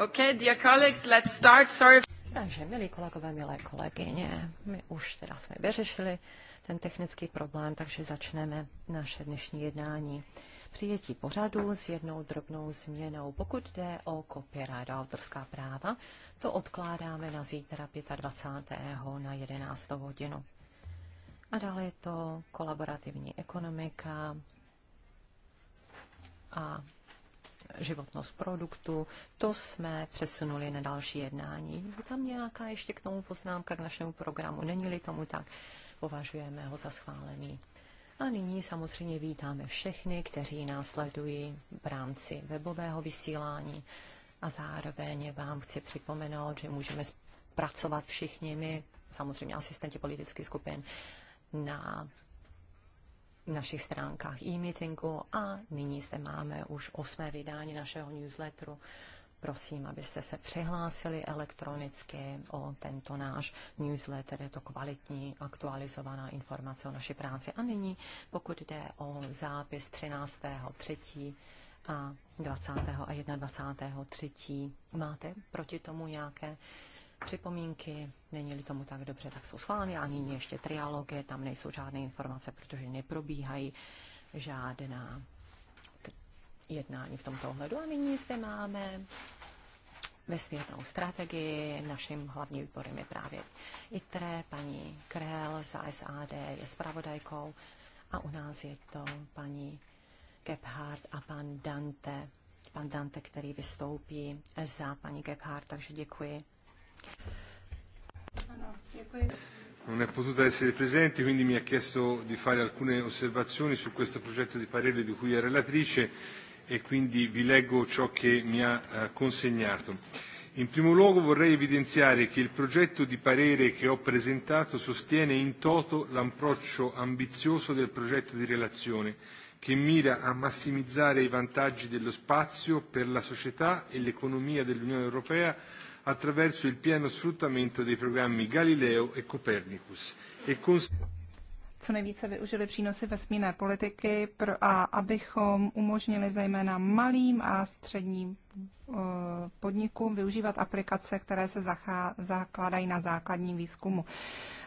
Okay, dear colleagues, let's start. Sorry. Takže, milí kolegové, milé kolegyně, my už teda jsme vyřešili ten technický problém, takže začneme naše dnešní jednání. Přijetí pořadu s jednou drobnou změnou. Pokud jde o copyright a autorská práva, to odkládáme na zítra 25. na 11. hodinu. A dále je to kolaborativní ekonomika a životnost produktu, to jsme přesunuli na další jednání. Je tam nějaká ještě k tomu poznámka k našemu programu? Není-li tomu tak, považujeme ho za schválený. A nyní samozřejmě vítáme všechny, kteří nás sledují v rámci webového vysílání. A zároveň vám chci připomenout, že můžeme pracovat všichni my, samozřejmě asistenti politických skupin, na našich stránkách e-meetingu a nyní zde máme už osmé vydání našeho newsletteru. Prosím, abyste se přihlásili elektronicky o tento náš newsletter. Je to kvalitní, aktualizovaná informace o naší práci. A nyní, pokud jde o zápis 13. 3. a 20. a 21. 3. máte proti tomu nějaké připomínky, není-li tomu tak dobře, tak jsou schváleny a nyní ještě trialogy, tam nejsou žádné informace, protože neprobíhají žádná jednání v tomto ohledu. A nyní zde máme vesmírnou strategii. Naším hlavním výborem je právě ITRE, paní Krell z ASAD je zpravodajkou a u nás je to paní Gebhardt a pan Dante, pan Dante, který vystoupí za paní Gebhardt, takže děkuji Non è potuta essere presente, quindi mi ha chiesto di fare alcune osservazioni su questo progetto di parere di cui è relatrice e quindi vi leggo ciò che mi ha eh, consegnato. In primo luogo vorrei evidenziare che il progetto di parere che ho presentato sostiene in toto l'approccio ambizioso del progetto di relazione che mira a massimizzare i vantaggi dello spazio per la società e l'economia dell'Unione Europea attraverso il pieno sfruttamento dei programmi Galileo e Copernicus e cons- co nejvíce využili přínosy vesmírné politiky pro, a abychom umožnili zejména malým a středním e, podnikům využívat aplikace, které se zachá, zakládají na základním výzkumu.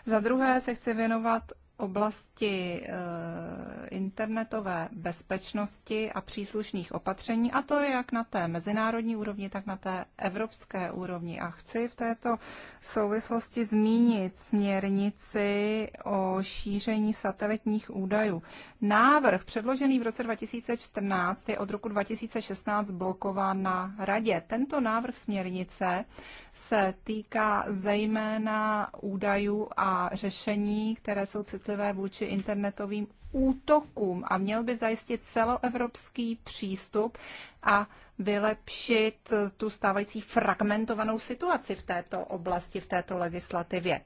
Za druhé se chci věnovat oblasti eh, internetové bezpečnosti a příslušných opatření, a to jak na té mezinárodní úrovni, tak na té evropské úrovni. A chci v této souvislosti zmínit směrnici o šíření satelitních údajů. Návrh předložený v roce 2014 je od roku 2016 blokován na radě. Tento návrh směrnice se týká zejména údajů a řešení, které jsou citlivé vůči internetovým útokům a měl by zajistit celoevropský přístup a vylepšit tu stávající fragmentovanou situaci v této oblasti, v této legislativě.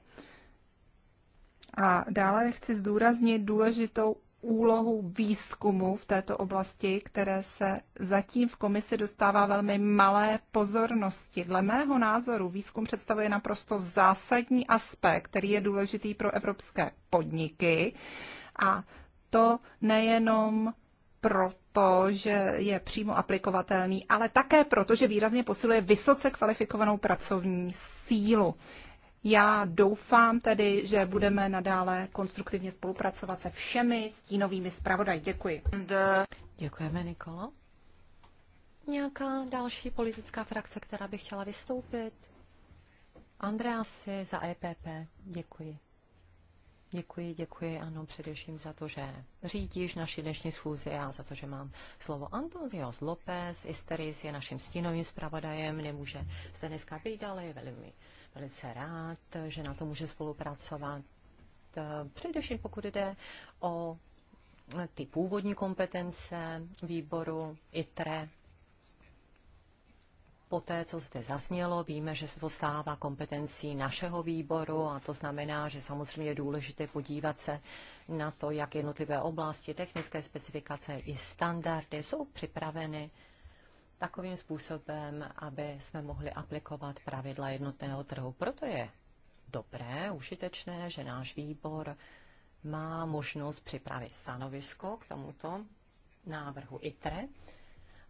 A dále chci zdůraznit důležitou úlohu výzkumu v této oblasti, které se zatím v komisi dostává velmi malé pozornosti. Dle mého názoru výzkum představuje naprosto zásadní aspekt, který je důležitý pro evropské podniky a to nejenom proto, že je přímo aplikovatelný, ale také proto, že výrazně posiluje vysoce kvalifikovanou pracovní sílu. Já doufám tedy, že budeme nadále konstruktivně spolupracovat se všemi stínovými zpravodaji. Děkuji. Děkujeme, Nikolo. Nějaká další politická frakce, která by chtěla vystoupit? Andreasi za EPP. Děkuji. Děkuji, děkuji, ano, především za to, že řídíš naši dnešní schůzi a za to, že mám slovo Antonio López. Isteris je naším stínovým zpravodajem, nemůže se dneska být, ale je velmi velice rád, že na to může spolupracovat. Eh, především pokud jde o ty původní kompetence výboru ITRE, Poté, co zde zaznělo, víme, že se to stává kompetencí našeho výboru a to znamená, že samozřejmě je důležité podívat se na to, jak jednotlivé oblasti, technické specifikace i standardy jsou připraveny takovým způsobem, aby jsme mohli aplikovat pravidla jednotného trhu. Proto je dobré, užitečné, že náš výbor má možnost připravit stanovisko k tomuto návrhu ITRE.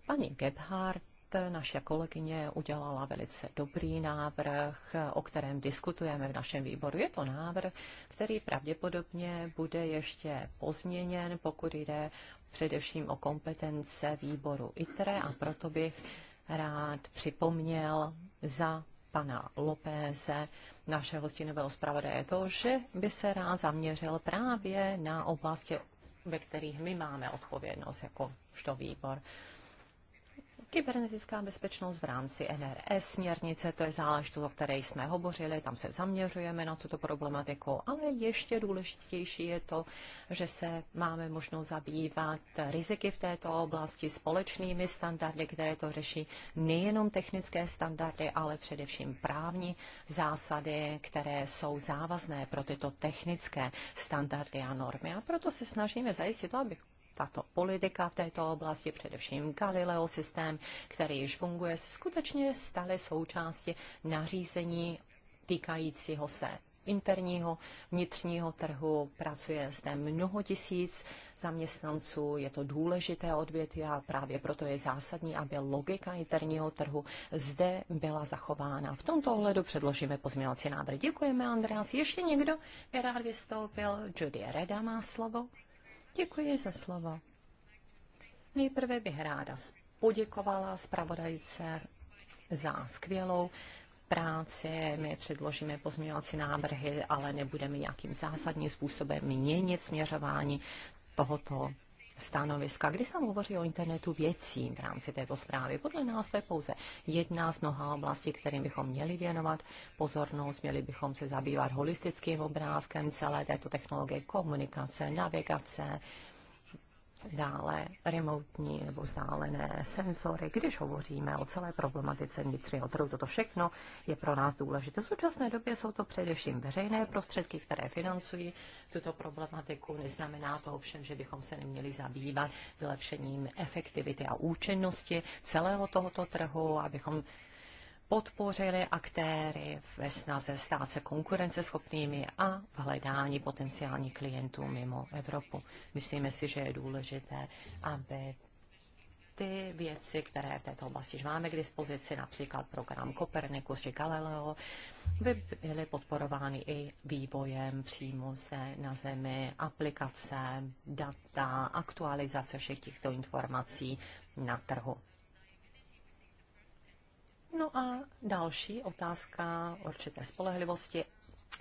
Paní Gebhardt naše kolegyně udělala velice dobrý návrh, o kterém diskutujeme v našem výboru. Je to návrh, který pravděpodobně bude ještě pozměněn, pokud jde především o kompetence výboru ITRE a proto bych rád připomněl za pana Lopéze, našeho stínového zpravodaje, to, že by se rád zaměřil právě na oblasti, ve kterých my máme odpovědnost jako výbor. Kybernetická bezpečnost v rámci NRS směrnice, to je záležitost, o které jsme hovořili, tam se zaměřujeme na tuto problematiku, ale ještě důležitější je to, že se máme možnost zabývat riziky v této oblasti společnými standardy, které to řeší nejenom technické standardy, ale především právní zásady, které jsou závazné pro tyto technické standardy a normy. A proto se snažíme zajistit to, aby tato politika v této oblasti, především Galileo systém, který již funguje, se skutečně staly součástí nařízení týkajícího se interního vnitřního trhu, pracuje zde mnoho tisíc zaměstnanců, je to důležité odvětví a právě proto je zásadní, aby logika interního trhu zde byla zachována. V tomto ohledu předložíme pozměňovací návrh. Děkujeme, Andreas. Ještě někdo je rád vystoupil? Judy Reda má slovo. Děkuji za slovo. Nejprve bych ráda poděkovala zpravodajce za skvělou práci, my předložíme pozměňovací návrhy, ale nebudeme nějakým zásadním způsobem měnit směřování tohoto stanoviska, kdy se hovoří o internetu věcí v rámci této zprávy. Podle nás to je pouze jedna z mnoha oblastí, kterým bychom měli věnovat pozornost, měli bychom se zabývat holistickým obrázkem celé této technologie komunikace, navigace, dále remotní nebo vzdálené senzory, když hovoříme o celé problematice vnitřního trhu. Toto všechno je pro nás důležité. V současné době jsou to především veřejné prostředky, které financují tuto problematiku. Neznamená to ovšem, že bychom se neměli zabývat vylepšením efektivity a účinnosti celého tohoto trhu, abychom podpořili aktéry ve snaze stát se konkurenceschopnými a v hledání potenciálních klientů mimo Evropu. Myslíme si, že je důležité, aby ty věci, které v této oblasti máme k dispozici, například program Kopernikus či Galileo, by byly podporovány i vývojem přímo se na zemi, aplikace, data, aktualizace všech těchto informací na trhu. No a další otázka určité spolehlivosti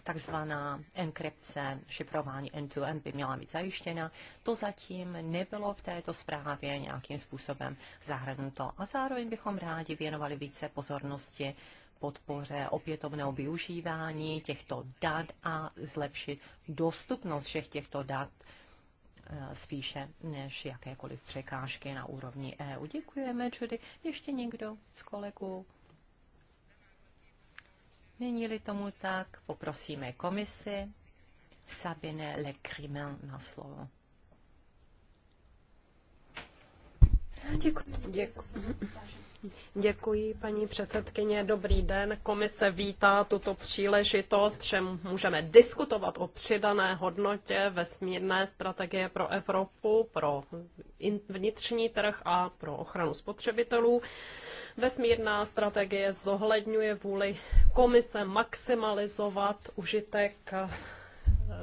takzvaná enkrypce, šifrování end-to-end by měla být zajištěna. To zatím nebylo v této zprávě nějakým způsobem zahrnuto. A zároveň bychom rádi věnovali více pozornosti podpoře opětovného využívání těchto dat a zlepšit dostupnost všech těchto dat eh, spíše než jakékoliv překážky na úrovni EU. Děkujeme, Judy. Ještě někdo z kolegů? Není-li tomu tak, poprosíme komisi. Sabine Le Crimen na slovo. Děkuji. Děkuji. Děkuji, paní předsedkyně. Dobrý den. Komise vítá tuto příležitost, že můžeme diskutovat o přidané hodnotě vesmírné strategie pro Evropu, pro vnitřní trh a pro ochranu spotřebitelů. Vesmírná strategie zohledňuje vůli komise maximalizovat užitek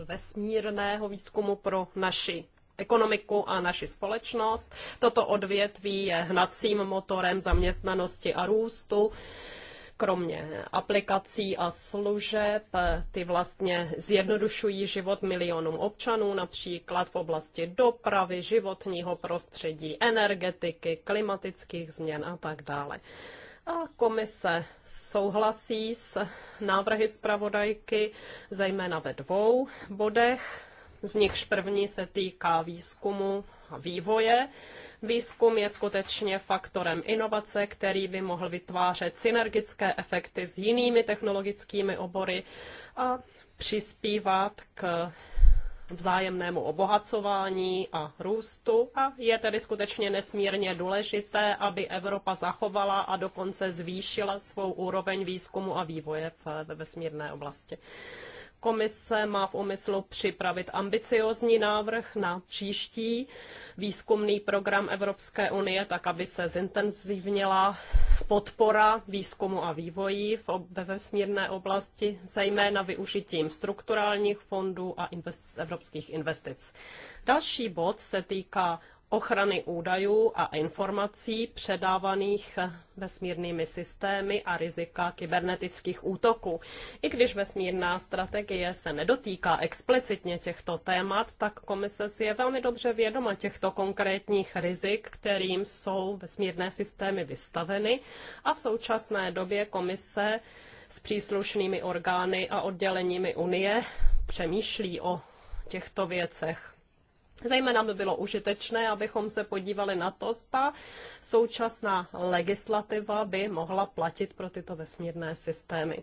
vesmírného výzkumu pro naši ekonomiku a naši společnost. Toto odvětví je hnacím motorem zaměstnanosti a růstu kromě aplikací a služeb, ty vlastně zjednodušují život milionům občanů, například v oblasti dopravy, životního prostředí, energetiky, klimatických změn a tak dále. A komise souhlasí s návrhy zpravodajky, zejména ve dvou bodech z nichž první se týká výzkumu a vývoje. Výzkum je skutečně faktorem inovace, který by mohl vytvářet synergické efekty s jinými technologickými obory a přispívat k vzájemnému obohacování a růstu a je tedy skutečně nesmírně důležité, aby Evropa zachovala a dokonce zvýšila svou úroveň výzkumu a vývoje v vesmírné oblasti. Komise má v úmyslu připravit ambiciozní návrh na příští výzkumný program Evropské unie, tak aby se zintenzivnila podpora výzkumu a vývoji ve vesmírné oblasti, zejména využitím strukturálních fondů a invest, evropských investic. Další bod se týká ochrany údajů a informací předávaných vesmírnými systémy a rizika kybernetických útoků. I když vesmírná strategie se nedotýká explicitně těchto témat, tak komise si je velmi dobře vědoma těchto konkrétních rizik, kterým jsou vesmírné systémy vystaveny a v současné době komise s příslušnými orgány a odděleními Unie přemýšlí o těchto věcech Zejména by bylo užitečné, abychom se podívali na to, zda současná legislativa by mohla platit pro tyto vesmírné systémy.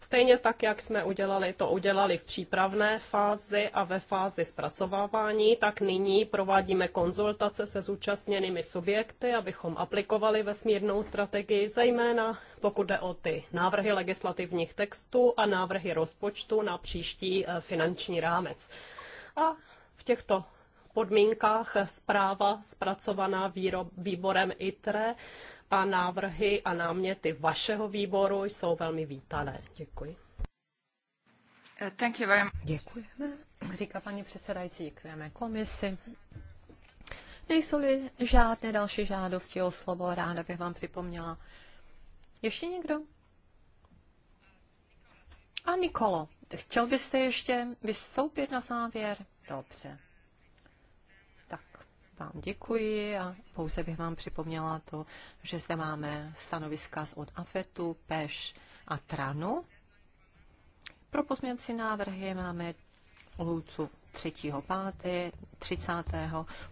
Stejně tak, jak jsme udělali, to udělali v přípravné fázi a ve fázi zpracovávání, tak nyní provádíme konzultace se zúčastněnými subjekty, abychom aplikovali vesmírnou strategii, zejména pokud jde o ty návrhy legislativních textů a návrhy rozpočtu na příští eh, finanční rámec. A v těchto podmínkách zpráva zpracovaná výborem ITRE a návrhy a náměty vašeho výboru jsou velmi vítané. Děkuji. Eh, thank you very much. Děkujeme, říká paní předsedající, děkujeme komisi. Nejsou-li žádné další žádosti o slovo, ráda bych vám připomněla. Ještě někdo? A Nikolo, chtěl byste ještě vystoupit na závěr? Dobře. Tak vám děkuji a pouze bych vám připomněla to, že zde máme stanoviska od AFETu, PEŠ a TRANu. Pro pozměnci návrhy máme lhůtu 3. 5. 30.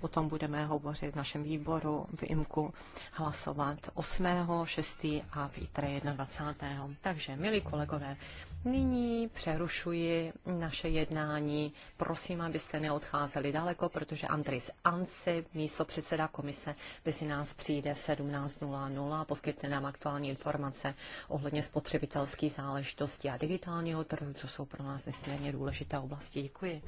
O tom budeme hovořit v našem výboru v IMKU hlasovat 8. 6. a vítra 21. Takže, milí kolegové, nyní přerušuji naše jednání. Prosím, abyste neodcházeli daleko, protože Andris Ansi, místo předseda komise, by si nás přijde v 17.00 a poskytne nám aktuální informace ohledně spotřebitelských záležitostí a digitálního trhu. To jsou pro nás nesmírně důležité oblasti. Děkuji.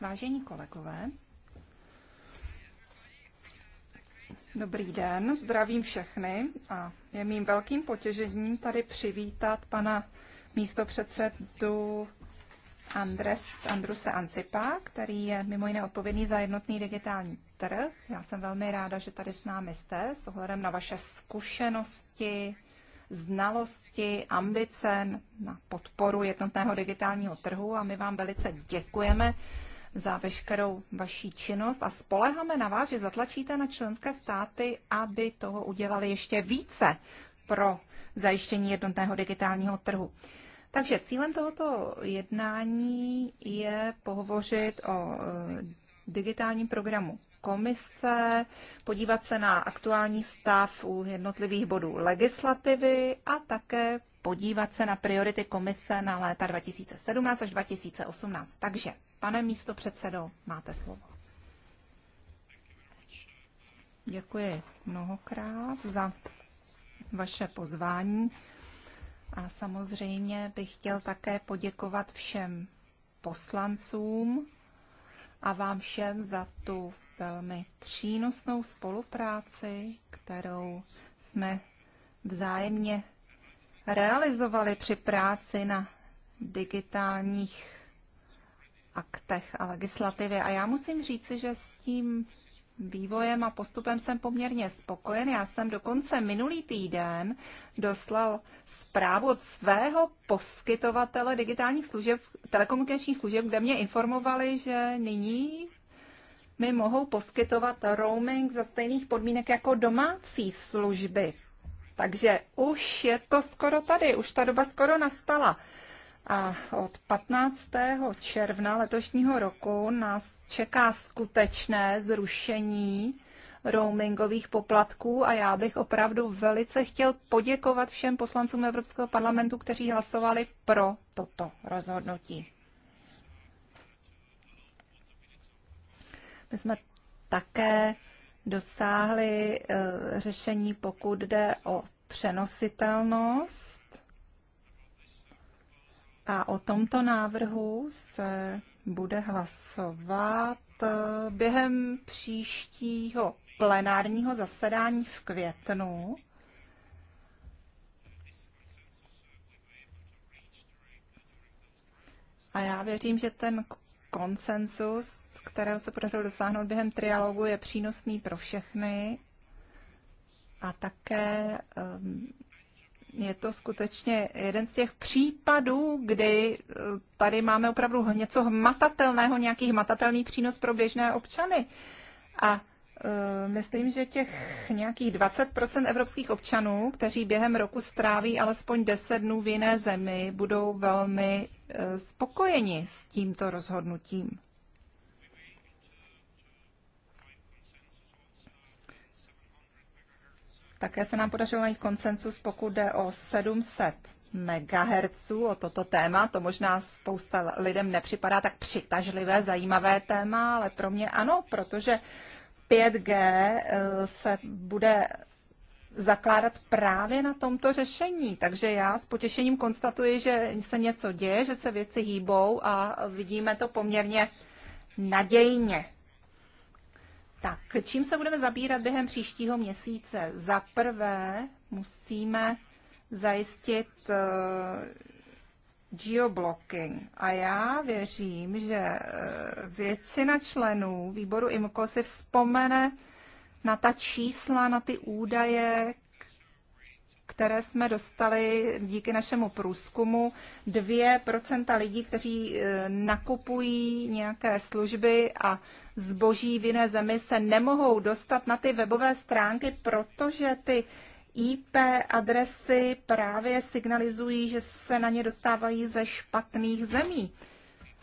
Vážení kolegové, dobrý den, zdravím všechny a je mým velkým potěžením tady přivítat pana místopředsedu Andres, Andruse Ancipa, který je mimo jiné odpovědný za jednotný digitální trh. Já jsem velmi ráda, že tady s námi jste, s ohledem na vaše zkušenosti, znalosti, ambice na podporu jednotného digitálního trhu a my vám velice děkujeme za veškerou vaší činnost a spoleháme na vás, že zatlačíte na členské státy, aby toho udělali ještě více pro zajištění jednotného digitálního trhu. Takže cílem tohoto jednání je pohovořit o digitálním programu komise, podívat se na aktuální stav u jednotlivých bodů legislativy a také podívat se na priority komise na léta 2017 až 2018. Takže, pane místo předsedo, máte slovo. Děkuji mnohokrát za vaše pozvání a samozřejmě bych chtěl také poděkovat všem poslancům a vám všem za tu velmi přínosnou spolupráci, kterou jsme vzájemně realizovali při práci na digitálních aktech a legislativě. A já musím říci, že s tím vývojem a postupem jsem poměrně spokojen. Já jsem dokonce minulý týden doslal zprávu od svého poskytovatele digitálních služeb, telekomunikačních služeb, kde mě informovali, že nyní mi mohou poskytovat roaming za stejných podmínek jako domácí služby. Takže už je to skoro tady, už ta doba skoro nastala. A od 15. června letošního roku nás čeká skutečné zrušení roamingových poplatků a já bych opravdu velice chtěl poděkovat všem poslancům Evropského parlamentu, kteří hlasovali pro toto rozhodnutí. My jsme také dosáhli eh, řešení, pokud jde o přenositelnost a o tomto návrhu se bude hlasovat eh, během příštího plenárního zasedání v květnu. A já věřím, že ten konsensus, kterého se podařilo dosáhnout během trialogu, je přínosný pro všechny a také um, je to skutečně jeden z těch případů, kdy eh, tady máme opravdu něco hmatatelného, nějaký hmatatelný přínos pro běžné občany. A eh, myslím, že těch nějakých 20% evropských občanů, kteří během roku stráví alespoň 10 dnů v jiné zemi, budou velmi eh, spokojeni s tímto rozhodnutím. Také se nám podařilo najít konsensus, pokud jde o 700 MHz o toto téma. To možná spousta lidem nepřipadá tak přitažlivé, zajímavé téma, ale pro mě ano, protože 5G eh, se bude zakládat právě na tomto řešení. Takže já s potěšením konstatuji, že se něco děje, že se věci hýbou a vidíme to poměrně nadějně. Tak, čím se budeme zabírat během příštího měsíce? Za prvé musíme zajistit eh, geoblocking. A já věřím, že eh, většina členů výboru IMCO si vzpomene na ta čísla, na ty údaje, které jsme dostali díky našemu průzkumu, 2% lidí, kteří eh, nakupují nějaké služby a zboží v jiné zemi, se nemohou dostat na ty webové stránky, protože ty IP adresy právě signalizují, že se na ně dostávají ze špatných zemí.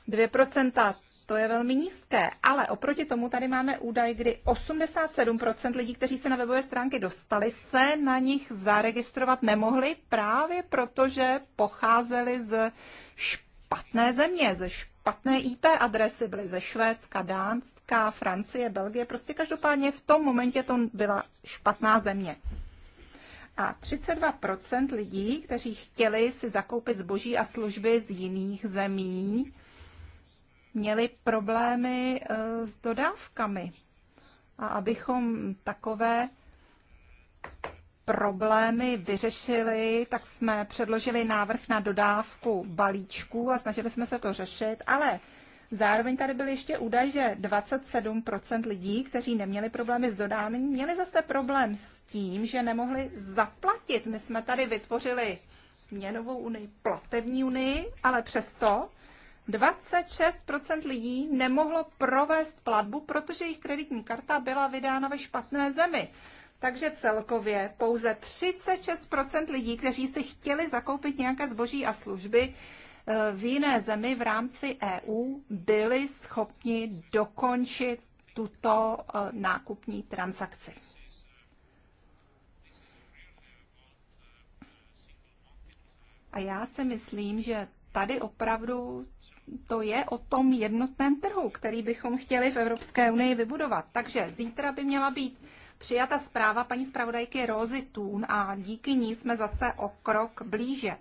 2% to je velmi nízké, ale oproti tomu tady máme údaj, kdy 87% lidí, kteří se na webové stránky dostali, se na nich zaregistrovat nemohli právě proto, že pocházeli z špatné země, ze špatné IP adresy, byly ze Švédska, Dánska, Francie, Belgie, prostě každopádně v tom momentě to byla špatná země a 32 lidí, kteří chtěli si zakoupit zboží a služby z jiných zemí, měli problémy eh, s dodávkami a abychom takové problémy vyřešili, tak jsme předložili návrh na dodávku balíčků a snažili jsme se to řešit, ale zároveň tady byl ještě údaj, že 27% lidí, kteří neměli problémy s dodáním, měli zase problém s tím, že nemohli zaplatit. My jsme tady vytvořili měnovou unii, platební unii, ale přesto 26% lidí nemohlo provést platbu, protože jejich kreditní karta byla vydána ve špatné zemi. Takže celkově pouze 36% lidí, kteří si chtěli zakoupit nějaké zboží a služby eh, v jiné zemi v rámci EU, byli schopni dokončit tuto eh, nákupní transakci. A já si myslím, že tady opravdu to je o tom jednotném trhu, který bychom chtěli v Evropské unii vybudovat. Takže zítra by měla být přijata zpráva paní zpravodajky Rozy Tún a díky ní jsme zase o krok blíže.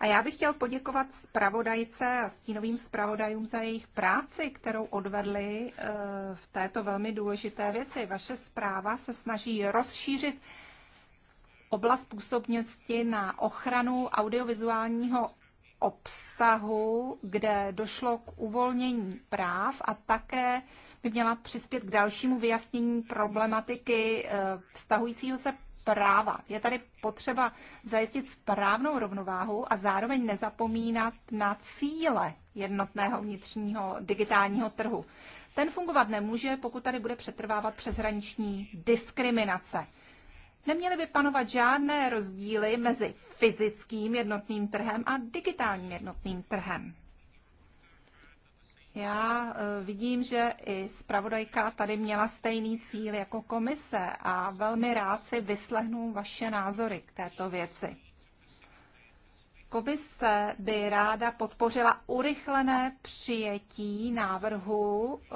A já bych chtěl poděkovat zpravodajce a stínovým zpravodajům za jejich práci, kterou odvedli eh, v této velmi důležité věci. Vaše zpráva se snaží rozšířit oblast působnosti na ochranu audiovizuálního obsahu, kde došlo k uvolnění práv a také by měla přispět k dalšímu vyjasnění problematiky eh, vztahujícího se práva. Je tady potřeba zajistit správnou rovnováhu a zároveň nezapomínat na cíle jednotného vnitřního digitálního trhu. Ten fungovat nemůže, pokud tady bude přetrvávat přeshraniční diskriminace. Neměly by panovat žádné rozdíly mezi fyzickým jednotným trhem a digitálním jednotným trhem. Já e, vidím, že i zpravodajka tady měla stejný cíl jako komise a velmi rád si vyslehnu vaše názory k této věci. Komise by ráda podpořila urychlené přijetí návrhu eh,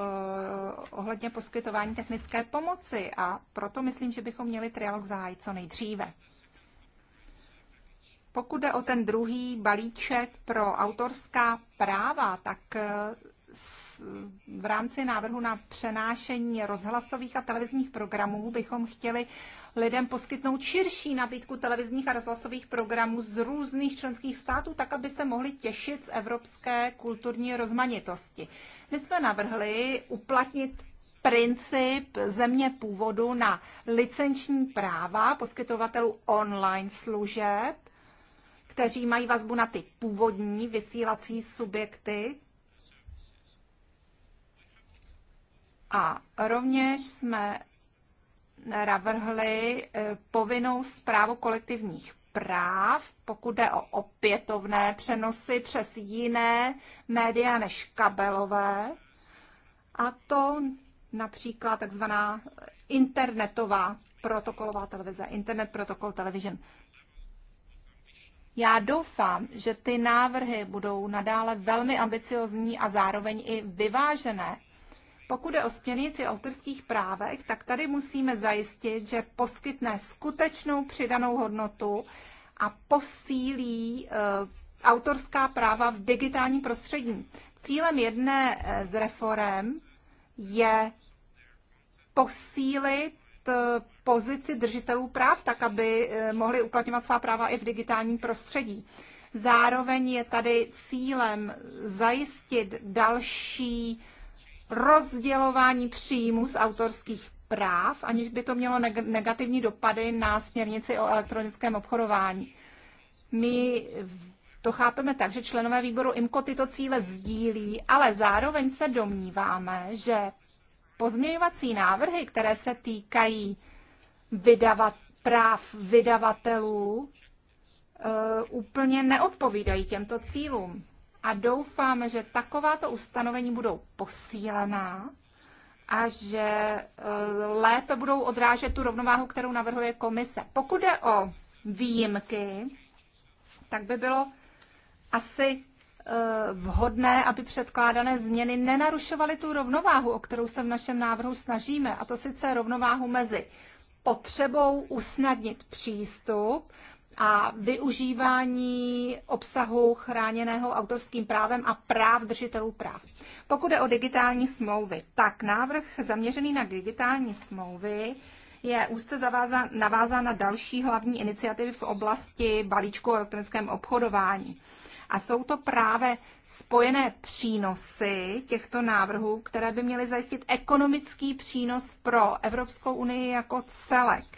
ohledně poskytování technické pomoci a proto myslím, že bychom měli trialog zahájit co nejdříve. Pokud jde o ten druhý balíček pro autorská práva, tak eh, v rámci návrhu na přenášení rozhlasových a televizních programů bychom chtěli lidem poskytnout širší nabídku televizních a rozhlasových programů z různých členských států, tak aby se mohli těšit z evropské kulturní rozmanitosti. My jsme navrhli uplatnit princip země původu na licenční práva poskytovatelů online služeb, kteří mají vazbu na ty původní vysílací subjekty. A rovněž jsme navrhli eh, povinnou zprávu kolektivních práv, pokud jde o opětovné přenosy přes jiné média než kabelové, a to například takzvaná internetová protokolová televize, Internet protokol Television. Já doufám, že ty návrhy budou nadále velmi ambiciozní a zároveň i vyvážené, pokud je o směrnici autorských právek, tak tady musíme zajistit, že poskytne skutečnou přidanou hodnotu a posílí eh, autorská práva v digitálním prostředí. Cílem jedné eh, z reform je posílit eh, pozici držitelů práv, tak aby mohli uplatňovat svá práva i v digitálním prostředí. Zároveň je tady cílem zajistit další rozdělování příjmů z autorských práv, aniž by to mělo negativní dopady na směrnici o elektronickém obchodování. My to chápeme tak, že členové výboru IMCO tyto cíle sdílí, ale zároveň se domníváme, že pozměňovací návrhy, které se týkají vydavat, práv vydavatelů, e, úplně neodpovídají těmto cílům a doufáme, že takováto ustanovení budou posílená a že eh, lépe budou odrážet tu rovnováhu, kterou navrhuje komise. Pokud jde o výjimky, tak by bylo asi eh, vhodné, aby předkládané změny nenarušovaly tu rovnováhu, o kterou se v našem návrhu snažíme, a to sice rovnováhu mezi potřebou usnadnit přístup a využívání obsahu chráněného autorským právem a práv držitelů práv. Pokud je o digitální smlouvy, tak návrh zaměřený na digitální smlouvy je úzce navázán na další hlavní iniciativy v oblasti balíčku o elektronickém obchodování. A jsou to právě spojené přínosy těchto návrhů, které by měly zajistit ekonomický přínos pro Evropskou unii jako celek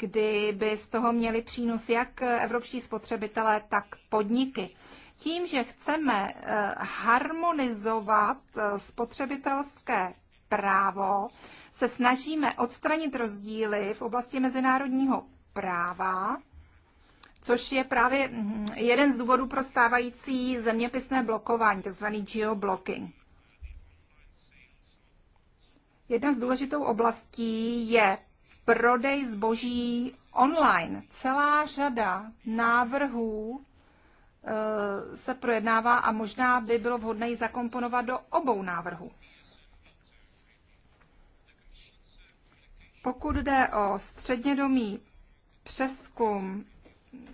kdy by z toho měli přínos jak evropští spotřebitelé, tak podniky. Tím, že chceme eh, harmonizovat eh, spotřebitelské právo, se snažíme odstranit rozdíly v oblasti mezinárodního práva, což je právě hm, jeden z důvodů pro stávající zeměpisné blokování, tzv. geoblocking. Jedna z důležitou oblastí je prodej zboží online. Celá řada návrhů eh, se projednává a možná by bylo vhodné ji zakomponovat do obou návrhů. Pokud jde o střednědomý přeskum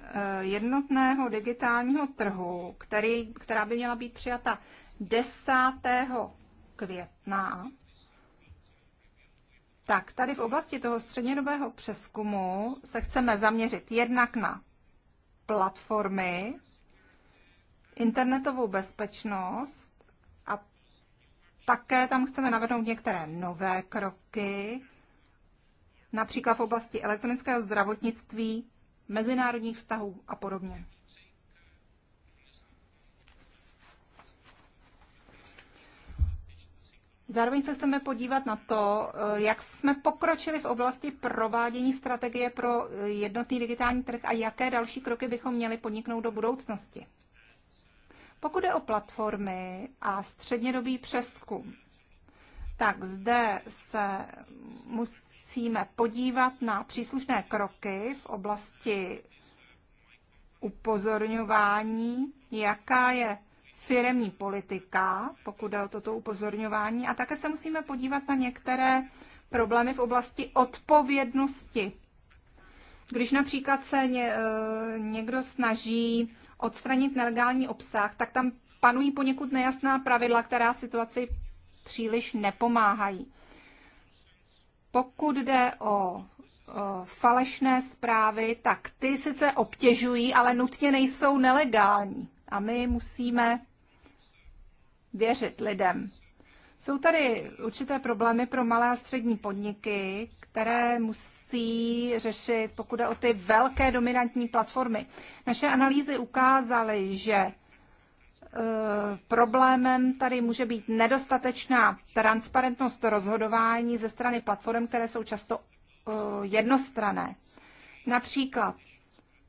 eh, jednotného digitálního trhu, který, která by měla být přijata 10. května, tak tady v oblasti toho střednědobého přeskumu se chceme zaměřit jednak na platformy, internetovou bezpečnost a také tam chceme navrhnout některé nové kroky, například v oblasti elektronického zdravotnictví, mezinárodních vztahů a podobně. Zároveň se chceme podívat na to, eh, jak jsme pokročili v oblasti provádění strategie pro eh, jednotný digitální trh a jaké další kroky bychom měli podniknout do budoucnosti. Pokud je o platformy a střednědobý přeskum, tak zde se musíme podívat na příslušné kroky v oblasti upozorňování, jaká je firemní politika, pokud jde o toto upozorňování. A také se musíme podívat na některé problémy v oblasti odpovědnosti. Když například se ně, e, někdo snaží odstranit nelegální obsah, tak tam panují poněkud nejasná pravidla, která situaci příliš nepomáhají. Pokud jde o, o falešné zprávy, tak ty sice obtěžují, ale nutně nejsou nelegální a my musíme věřit lidem. Jsou tady určité problémy pro malé a střední podniky, které musí řešit, pokud je o ty velké dominantní platformy. Naše analýzy ukázaly, že e, problémem tady může být nedostatečná transparentnost rozhodování ze strany platform, které jsou často e, jednostrané. Například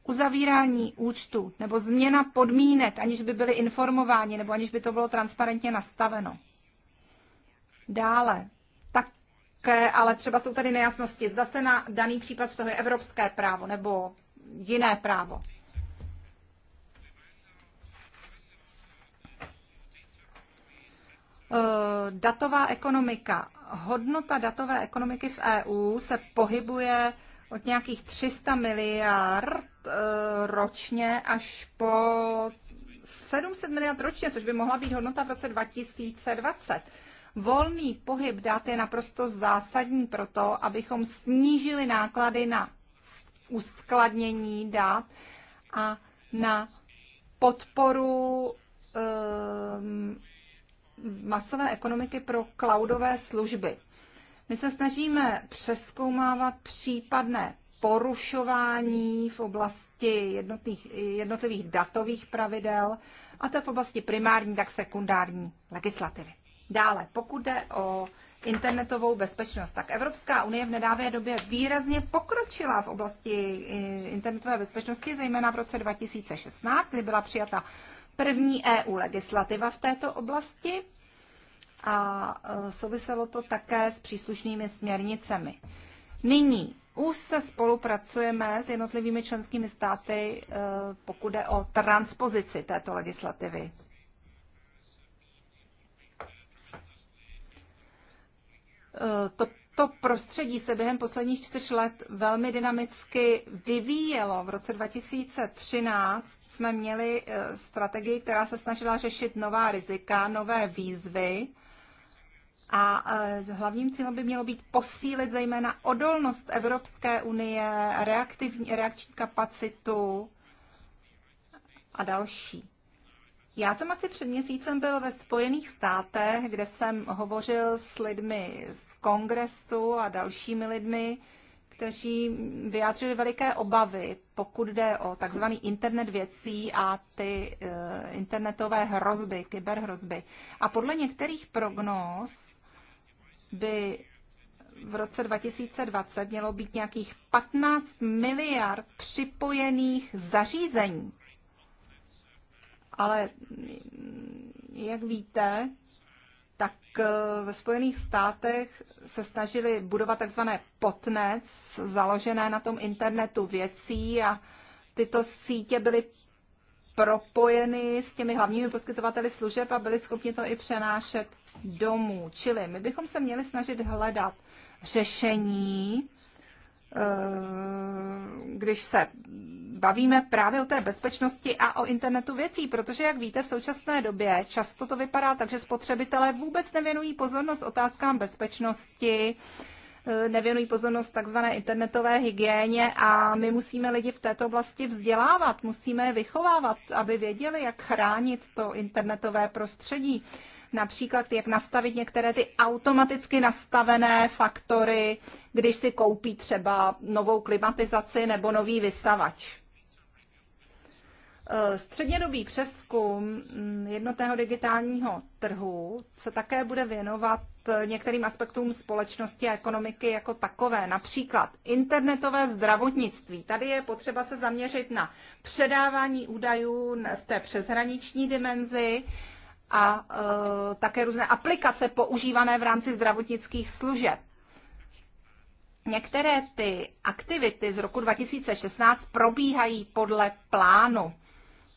uzavírání účtu nebo změna podmínek, aniž by byli informováni nebo aniž by to bylo transparentně nastaveno. Dále, také, ale třeba jsou tady nejasnosti, zda se na daný případ je evropské právo nebo jiné právo. Eh, datová ekonomika. Hodnota datové ekonomiky v EU se pohybuje od nějakých 300 miliard Eh, ročně až po 700 miliard ročně, což by mohla být hodnota v roce 2020. Volný pohyb dat je naprosto zásadní pro to, abychom snížili náklady na uskladnění dat a na podporu e, masové ekonomiky pro cloudové služby. My se snažíme přeskoumávat případné porušování v oblasti jednotlivých datových pravidel, a to je v oblasti primární, tak sekundární legislativy. Dále, pokud jde o internetovou bezpečnost, tak Evropská unie v nedávné době výrazně pokročila v oblasti eh, internetové bezpečnosti, zejména v roce 2016, kdy byla přijata první EU legislativa v této oblasti a eh, souviselo to také s příslušnými směrnicemi. Nyní úzce spolupracujeme s jednotlivými členskými státy, eh, pokud jde o transpozici této legislativy. Eh, to to prostředí se během posledních čtyř let velmi dynamicky vyvíjelo. V roce 2013 jsme měli eh, strategii, která se snažila řešit nová rizika, nové výzvy a eh, hlavním cílem by mělo být posílit zejména odolnost Evropské unie, reaktivní, reakční kapacitu a další. Já jsem asi před měsícem byl ve Spojených státech, kde jsem hovořil s lidmi z kongresu a dalšími lidmi, kteří vyjádřili veliké obavy, pokud jde o takzvaný internet věcí a ty eh, internetové hrozby, kyberhrozby. A podle některých prognóz by v roce 2020 mělo být nějakých 15 miliard připojených zařízení. Ale jak víte, tak eh, ve Spojených státech se snažili budovat takzvané potnec, založené na tom internetu věcí a tyto sítě byly propojeny s těmi hlavními poskytovateli služeb a byly schopni to i přenášet domů. Čili my bychom se měli snažit hledat řešení, eh, když se bavíme právě o té bezpečnosti a o internetu věcí, protože, jak víte, v současné době často to vypadá tak, že spotřebitelé vůbec nevěnují pozornost otázkám bezpečnosti, eh, nevěnují pozornost takzvané internetové hygieně a my musíme lidi v této oblasti vzdělávat, musíme je vychovávat, aby věděli, jak chránit to internetové prostředí například jak nastavit některé ty automaticky nastavené faktory, když si koupí třeba novou klimatizaci nebo nový vysavač. E, střednědobý přeskum mm, jednotného digitálního trhu se také bude věnovat e, některým aspektům společnosti a ekonomiky jako takové, například internetové zdravotnictví. Tady je potřeba se zaměřit na předávání údajů v té přeshraniční dimenzi, a e, také různé aplikace používané v rámci zdravotnických služeb. Některé ty aktivity z roku 2016 probíhají podle plánu.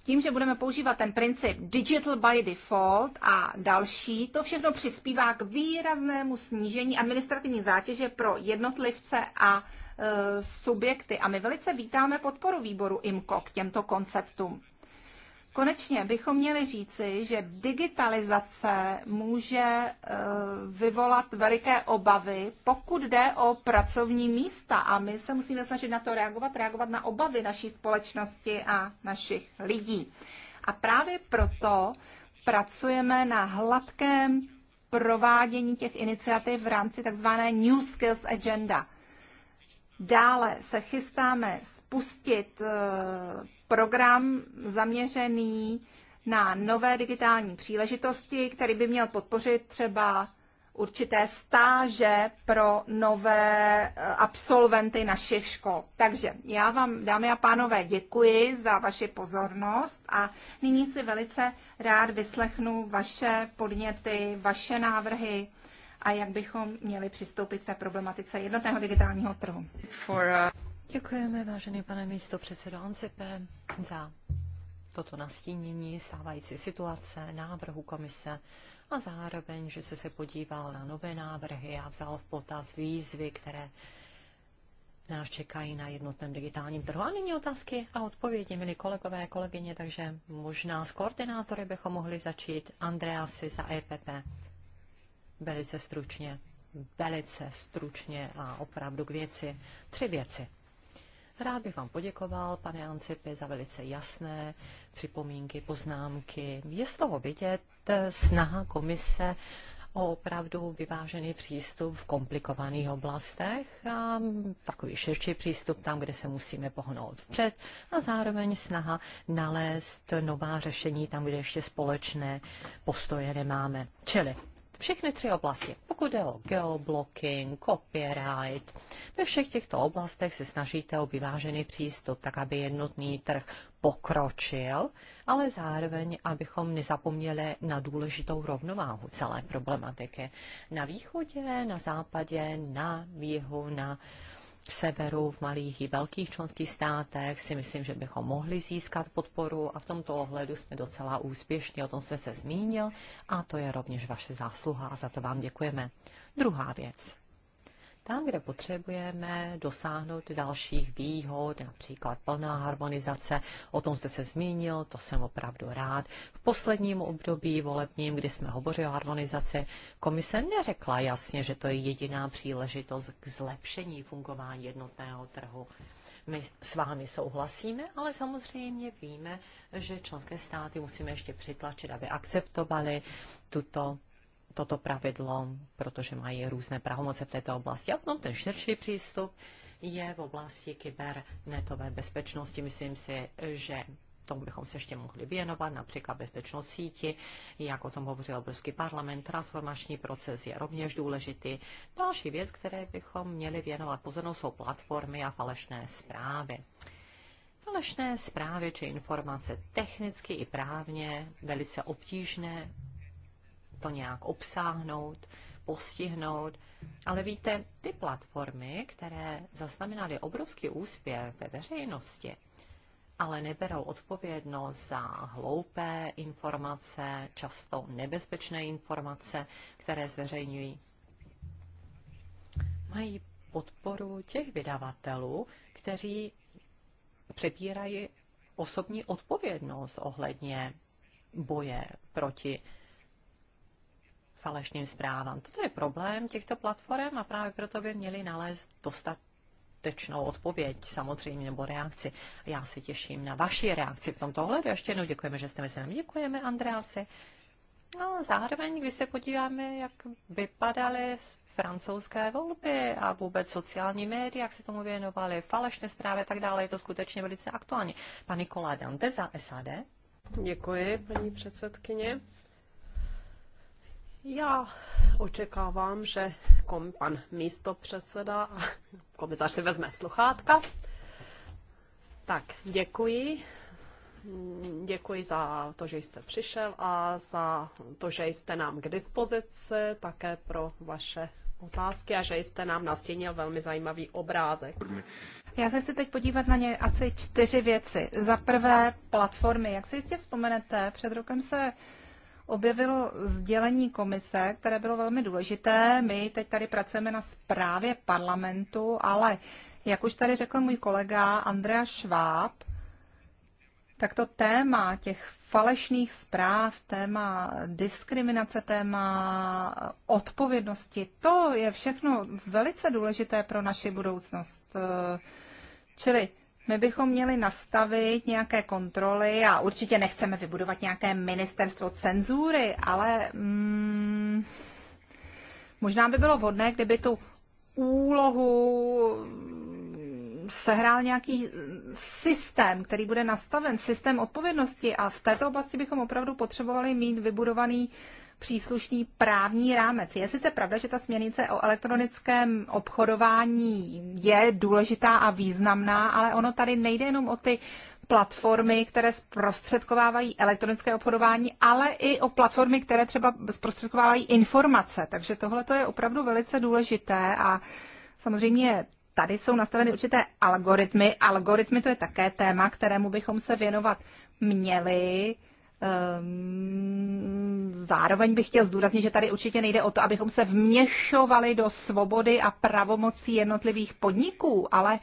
Tím, že budeme používat ten princip digital by default a další, to všechno přispívá k výraznému snížení administrativní zátěže pro jednotlivce a e, subjekty. A my velice vítáme podporu výboru IMCO k těmto konceptům. Konečně bychom měli říci, že digitalizace může eh, vyvolat veliké obavy, pokud jde o pracovní místa. A my se musíme snažit na to reagovat, reagovat na obavy naší společnosti a našich lidí. A právě proto pracujeme na hladkém provádění těch iniciativ v rámci tzv. New Skills Agenda. Dále se chystáme spustit eh, program zaměřený na nové digitální příležitosti, který by měl podpořit třeba určité stáže pro nové eh, absolventy našich škol. Takže já vám, dámy a pánové, děkuji za vaši pozornost a nyní si velice rád vyslechnu vaše podněty, vaše návrhy a jak bychom měli přistoupit k té problematice jednotného digitálního trhu. For, uh... Děkujeme, vážený pane místo předsedo Ancipe, za toto nastínění stávající situace, návrhu komise a zároveň, že jste se podíval na nové návrhy a vzal v potaz výzvy, které nás čekají na jednotném digitálním trhu. A nyní otázky a odpovědi, milí kolegové a kolegyně, takže možná s koordinátory bychom mohli začít. Andreasi za EPP. Velice stručně, velice stručně a opravdu k věci. Tři věci. Rád bych vám poděkoval, pane Ancipy, za velice jasné připomínky, poznámky. Je z toho vidět snaha komise o opravdu vyvážený přístup v komplikovaných oblastech a takový širší přístup tam, kde se musíme pohnout vpřed a zároveň snaha nalézt nová řešení tam, kde ještě společné postoje nemáme. Čili všechny tři oblasti. Pokud je o geoblocking, copyright, ve všech těchto oblastech se snažíte o vyvážený přístup, tak aby jednotný trh pokročil, ale zároveň, abychom nezapomněli na důležitou rovnováhu celé problematiky. Na východě, na západě, na jihu, na severu, v malých i velkých členských státech si myslím, že bychom mohli získat podporu a v tomto ohledu jsme docela úspěšní, o tom jste se zmínil a to je rovněž vaše zásluha a za to vám děkujeme. Druhá věc tam, kde potřebujeme dosáhnout dalších výhod, například plná harmonizace, o tom jste se zmínil, to jsem opravdu rád. V posledním období volebním, kdy jsme hovořili o harmonizaci, komise neřekla jasně, že to je jediná příležitost k zlepšení fungování jednotného trhu. My s vámi souhlasíme, ale samozřejmě víme, že členské státy musíme ještě přitlačit, aby akceptovali tuto toto pravidlo, protože mají různé pravomoce v této oblasti. A potom ten širší přístup je v oblasti kybernetové bezpečnosti. Myslím si, že tomu bychom se ještě mohli věnovat, například bezpečnost síti, jak o tom hovořil Evropský parlament, transformační proces je rovněž důležitý. Další věc, které bychom měli věnovat pozornost, jsou platformy a falešné zprávy. Falešné zprávy či informace technicky i právně velice obtížné to nějak obsáhnout, postihnout. Ale víte, ty platformy, které zaznamenaly obrovský úspěch ve veřejnosti, ale neberou odpovědnost za hloupé informace, často nebezpečné informace, které zveřejňují. Mají podporu těch vydavatelů, kteří přebírají osobní odpovědnost ohledně boje proti falešným zprávám. Toto je problém těchto platform a právě proto by měli nalézt dostatečnou odpověď samozřejmě nebo reakci. Já se těším na vaši reakci v tomto ohledu. Ještě jednou děkujeme, že jste mezi námi. Děkujeme, Andreasi. No, zároveň, když se podíváme, jak vypadaly francouzské volby a vůbec sociální média, jak se tomu věnovaly, falešné zprávy a tak dále, je to skutečně velice aktuální. Pan Nikola Dante za SAD. Děkuji, paní předsedkyně. Já očekávám, že kom, pan místo předseda a komisař si vezme sluchátka. Tak, děkuji. Děkuji za to, že jste přišel a za to, že jste nám k dispozici, také pro vaše otázky a že jste nám nastínil velmi zajímavý obrázek. Já se chci teď podívat na ně asi čtyři věci. Za prvé platformy. Jak si jistě vzpomenete, před rokem se objevilo sdělení komise, které bylo velmi důležité. My teď tady pracujeme na zprávě parlamentu, ale jak už tady řekl můj kolega Andrea Šváb, tak to téma těch falešných zpráv, téma diskriminace, téma odpovědnosti, to je všechno velice důležité pro naši budoucnost. Čili my bychom měli nastavit nějaké kontroly a určitě nechceme vybudovat nějaké ministerstvo cenzury, ale mm, možná by bylo vhodné, kdyby tu úlohu sehrál nějaký systém, který bude nastaven, systém odpovědnosti a v této oblasti bychom opravdu potřebovali mít vybudovaný příslušný právní rámec. Je sice pravda, že ta směrnice o elektronickém obchodování je důležitá a významná, ale ono tady nejde jenom o ty platformy, které zprostředkovávají elektronické obchodování, ale i o platformy, které třeba zprostředkovávají informace. Takže tohle je opravdu velice důležité a samozřejmě tady jsou nastaveny určité algoritmy. Algoritmy to je také téma, kterému bychom se věnovat měli. Ehm, zároveň bych chtěl zdůraznit, že tady určitě nejde o to, abychom se vměšovali do svobody a pravomocí jednotlivých podniků, ale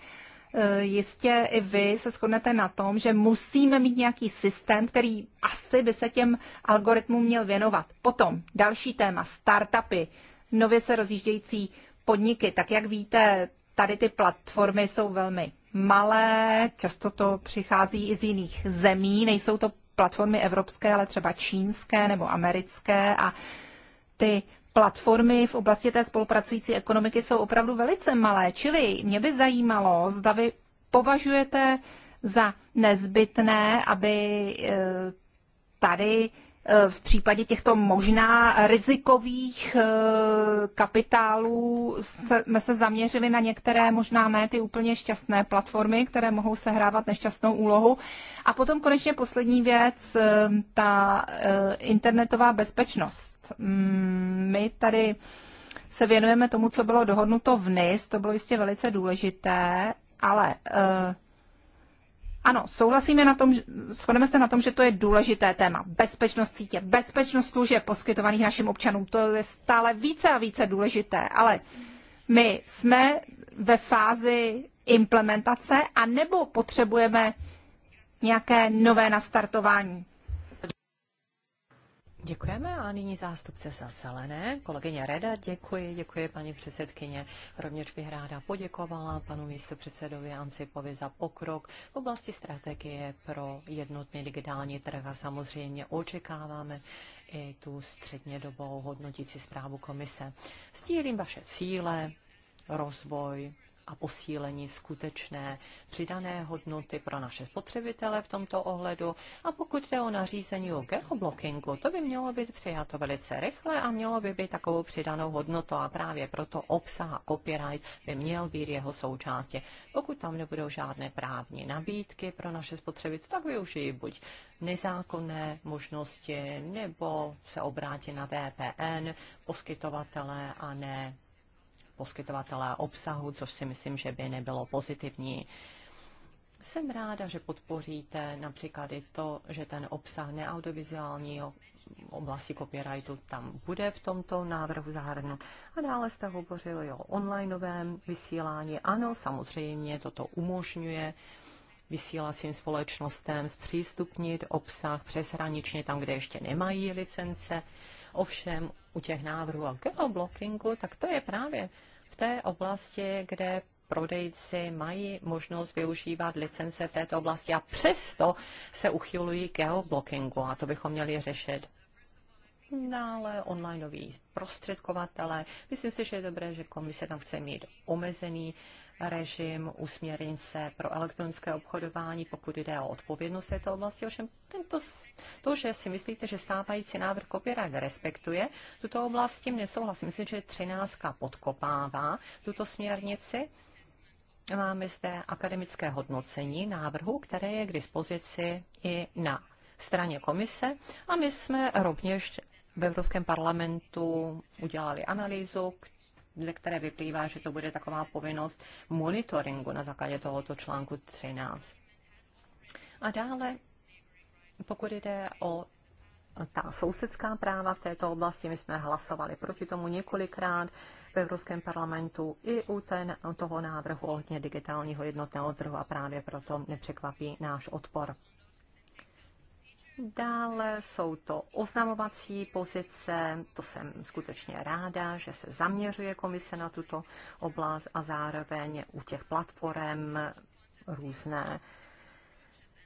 eh, jistě i vy se shodnete na tom, že musíme mít nějaký systém, který asi by se těm algoritmům měl věnovat. Potom další téma, startupy, nově se rozjíždějící podniky. Tak jak víte, tady ty platformy jsou velmi malé, často to přichází i z jiných zemí, nejsou to platformy evropské, ale třeba čínské nebo americké a ty platformy v oblasti té spolupracující ekonomiky jsou opravdu velice malé. Čili mě by zajímalo, zda vy považujete za nezbytné, aby eh, tady Eh, v případě těchto možná rizikových eh, kapitálů jsme se zaměřili na některé možná ne ty úplně šťastné platformy, které mohou sehrávat nešťastnou úlohu. A potom konečně poslední věc, eh, ta internetová bezpečnost. Mm, my tady se věnujeme tomu, co bylo dohodnuto v NIS, to bylo jistě velice důležité, ale ano, souhlasíme na tom, shodneme se na tom, že to je důležité téma. Bezpečnost sítě, bezpečnost služeb poskytovaných našim občanům, to je stále více a více důležité, ale my jsme ve fázi implementace a nebo potřebujeme nějaké nové nastartování. Děkujeme a nyní zástupce za zelené, kolegyně Reda, děkuji, děkuji paní předsedkyně. Rovněž bych ráda poděkovala panu místopředsedovi Ancipovi za pokrok v oblasti strategie pro jednotný digitální trh a samozřejmě očekáváme i tu střednědobou hodnotící zprávu komise. Stílím vaše cíle, rozvoj a posílení skutečné přidané hodnoty pro naše spotřebitele v tomto ohledu. A pokud jde o nařízení o geoblockingu, to by mělo být přijato velice rychle a mělo by být takovou přidanou hodnotu a právě proto obsah a copyright by měl být jeho součástí. Pokud tam nebudou žádné právní nabídky pro naše spotřebitele, tak využijí buď nezákonné možnosti nebo se obrátí na VPN poskytovatele a ne poskytovatelé obsahu, což si myslím, že by nebylo pozitivní. Jsem ráda, že podpoříte například i to, že ten obsah neaudiovizuální oblasti copyrightu tam bude v tomto návrhu zahrnut. A dále jste hovořili o onlineovém vysílání. Ano, samozřejmě toto umožňuje vysílacím společnostem zpřístupnit obsah přeshraničně tam, kde ještě nemají licence. Ovšem u těch návrhů a geoblockingu, tak to je právě v té oblasti, kde prodejci mají možnost využívat licence v této oblasti a přesto se uchylují k geoblockingu a to bychom měli řešit. Dále onlineoví prostředkovatele. Myslím si, že je dobré, že komise tam chce mít omezený režim u směrnice pro elektronické obchodování, pokud jde o odpovědnost této oblasti. Ovšem tento, to, že si myslíte, že stávající návrh copyright respektuje tuto oblast, tím nesouhlasím. Myslím, že 13. podkopává tuto směrnici. Máme zde akademické hodnocení návrhu, které je k dispozici i na straně komise a my jsme rovněž v Evropském parlamentu udělali analýzu, ze které vyplývá, že to bude taková povinnost monitoringu na základě tohoto článku 13. A dále, pokud jde o ta sousedská práva v této oblasti, my jsme hlasovali proti tomu několikrát v Evropském parlamentu i u ten, toho návrhu ohledně digitálního jednotného trhu a právě proto nepřekvapí náš odpor. Dále jsou to oznamovací pozice, to jsem skutečně ráda, že se zaměřuje komise na tuto oblast a zároveň u těch platform různé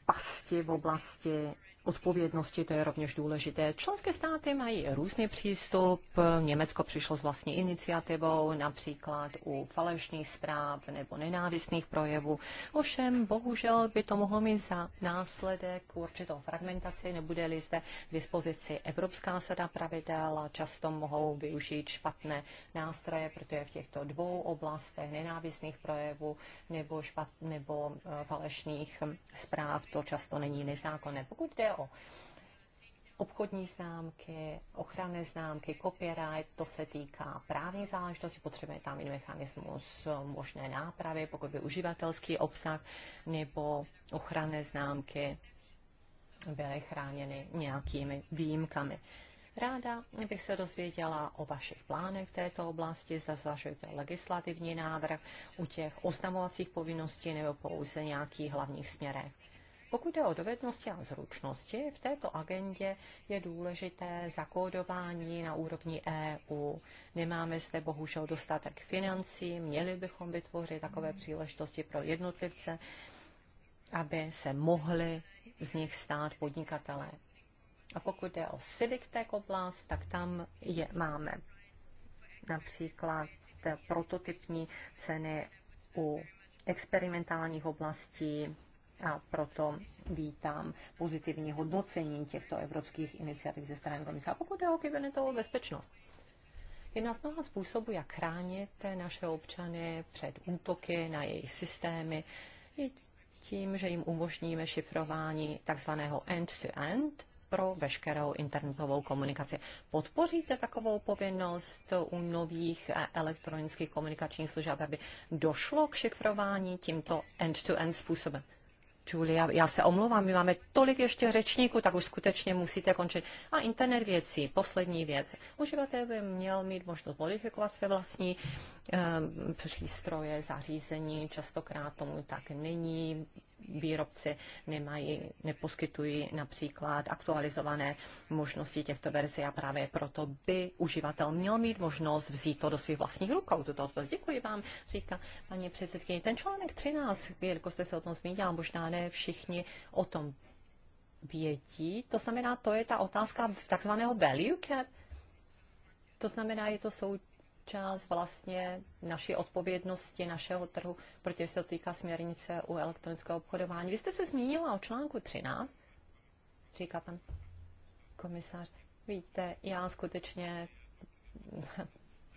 pasti v oblasti odpovědnosti, to je rovněž důležité. Členské státy mají různý přístup. Německo přišlo s vlastní iniciativou, například u falešných zpráv nebo nenávistných projevů. Ovšem, bohužel by to mohlo mít za následek určitou fragmentaci, nebude-li zde k dispozici evropská sada pravidel a často mohou využít špatné nástroje, protože v těchto dvou oblastech nenávistných projevů nebo, špat, nebo eh, falešných hm, zpráv to často není nezákonné. Pokud jde o obchodní známky, ochranné známky, copyright, to se týká právní záležitosti, potřebuje tam i mechanismus možné nápravy, pokud by uživatelský obsah nebo ochranné známky byly chráněny nějakými výjimkami. Ráda bych se dozvěděla o vašich plánech v této oblasti, zda zvažujete legislativní návrh u těch oznamovacích povinností nebo pouze nějakých hlavních směrech. Pokud jde o dovednosti a zručnosti, v této agendě je důležité zakódování na úrovni EU. Nemáme zde bohužel dostatek financí, měli bychom vytvořit takové příležitosti pro jednotlivce, aby se mohli z nich stát podnikatelé. A pokud jde o Civic Tech oblast, tak tam je máme například prototypní ceny u experimentálních oblastí a proto vítám pozitivní hodnocení těchto evropských iniciativ ze strany komise. A pokud je o kybernetovou bezpečnost, Jedna z mnoha způsobů, jak chránit naše občany před útoky na jejich systémy, je tím, že jim umožníme šifrování tzv. end-to-end -end pro veškerou internetovou komunikaci. Podpoříte takovou povinnost u nových e- elektronických komunikačních služeb, aby došlo k šifrování tímto end-to-end -end způsobem? Julie, já se omlouvám, my máme tolik ještě řečníků, tak už skutečně musíte končit. A internet věcí, poslední věc. Uživatel by měl mít možnost modifikovat své vlastní um, přístroje, zařízení, častokrát tomu tak není výrobci nemají, neposkytují například aktualizované možnosti těchto verzí a právě proto by uživatel měl mít možnost vzít to do svých vlastních rukou. Tuto odpověď děkuji vám, říká paní předsedkyně. Ten článek 13, jako jste se o tom zmínila, možná ne všichni o tom vědí. To znamená, to je ta otázka takzvaného value cap. To znamená, je to sou, část vlastně naší odpovědnosti, našeho trhu, protože se to týká směrnice u elektronického obchodování. Vy jste se zmínila o článku 13, říká pan komisař. Víte, já skutečně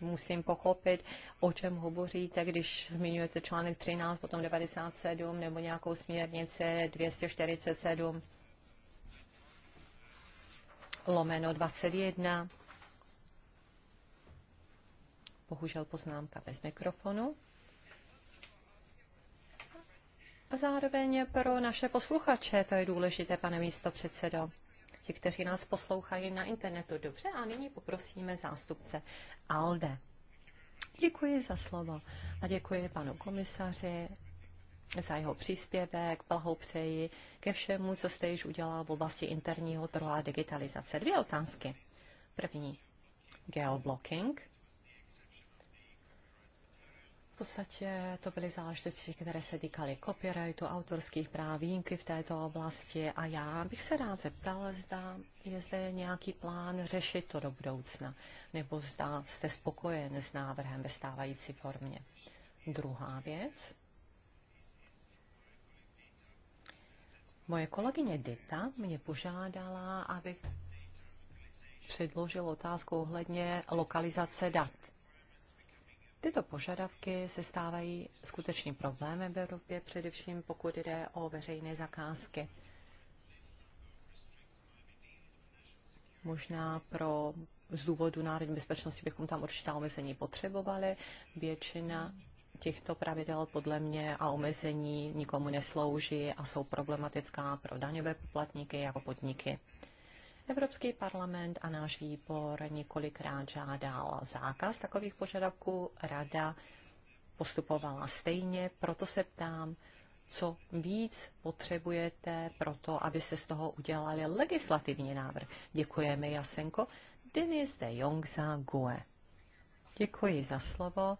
musím pochopit, o čem hovoříte, když zmiňujete článek 13, potom 97 nebo nějakou směrnici 247 lomeno 21 bohužel poznámka bez mikrofonu. A zároveň pro naše posluchače, to je důležité, pane místo předsedo, ti, kteří nás poslouchají na internetu. Dobře, a nyní poprosíme zástupce ALDE. Děkuji za slovo a děkuji panu komisaři za jeho příspěvek, blahopřeji ke všemu, co jste již udělal v oblasti interního trhu a digitalizace. Dvě otázky. První, geoblocking. V podstatě to byly záležitosti, které se týkaly copyrightu, autorských práv, výjimky v této oblasti a já bych se rád zeptal, zda je zde nějaký plán řešit to do budoucna, nebo zda jste spokojen s návrhem ve stávající formě. Druhá věc. Moje kolegyně Dita mě požádala, abych předložil otázku ohledně lokalizace dat Tyto požadavky se stávají skutečným problémem v Evropě, především pokud jde o veřejné zakázky. Možná pro z důvodu národní bezpečnosti bychom tam určitá omezení potřebovali. Většina těchto pravidel podle mě a omezení nikomu neslouží a jsou problematická pro daňové poplatníky jako podniky. Evropský parlament a náš výbor několikrát žádal zákaz takových požadavků. Rada postupovala stejně, proto se ptám, co víc potřebujete pro to, aby se z toho udělali legislativní návrh. Děkujeme, Jasenko. Denis de Jongza GUE. Děkuji za slovo.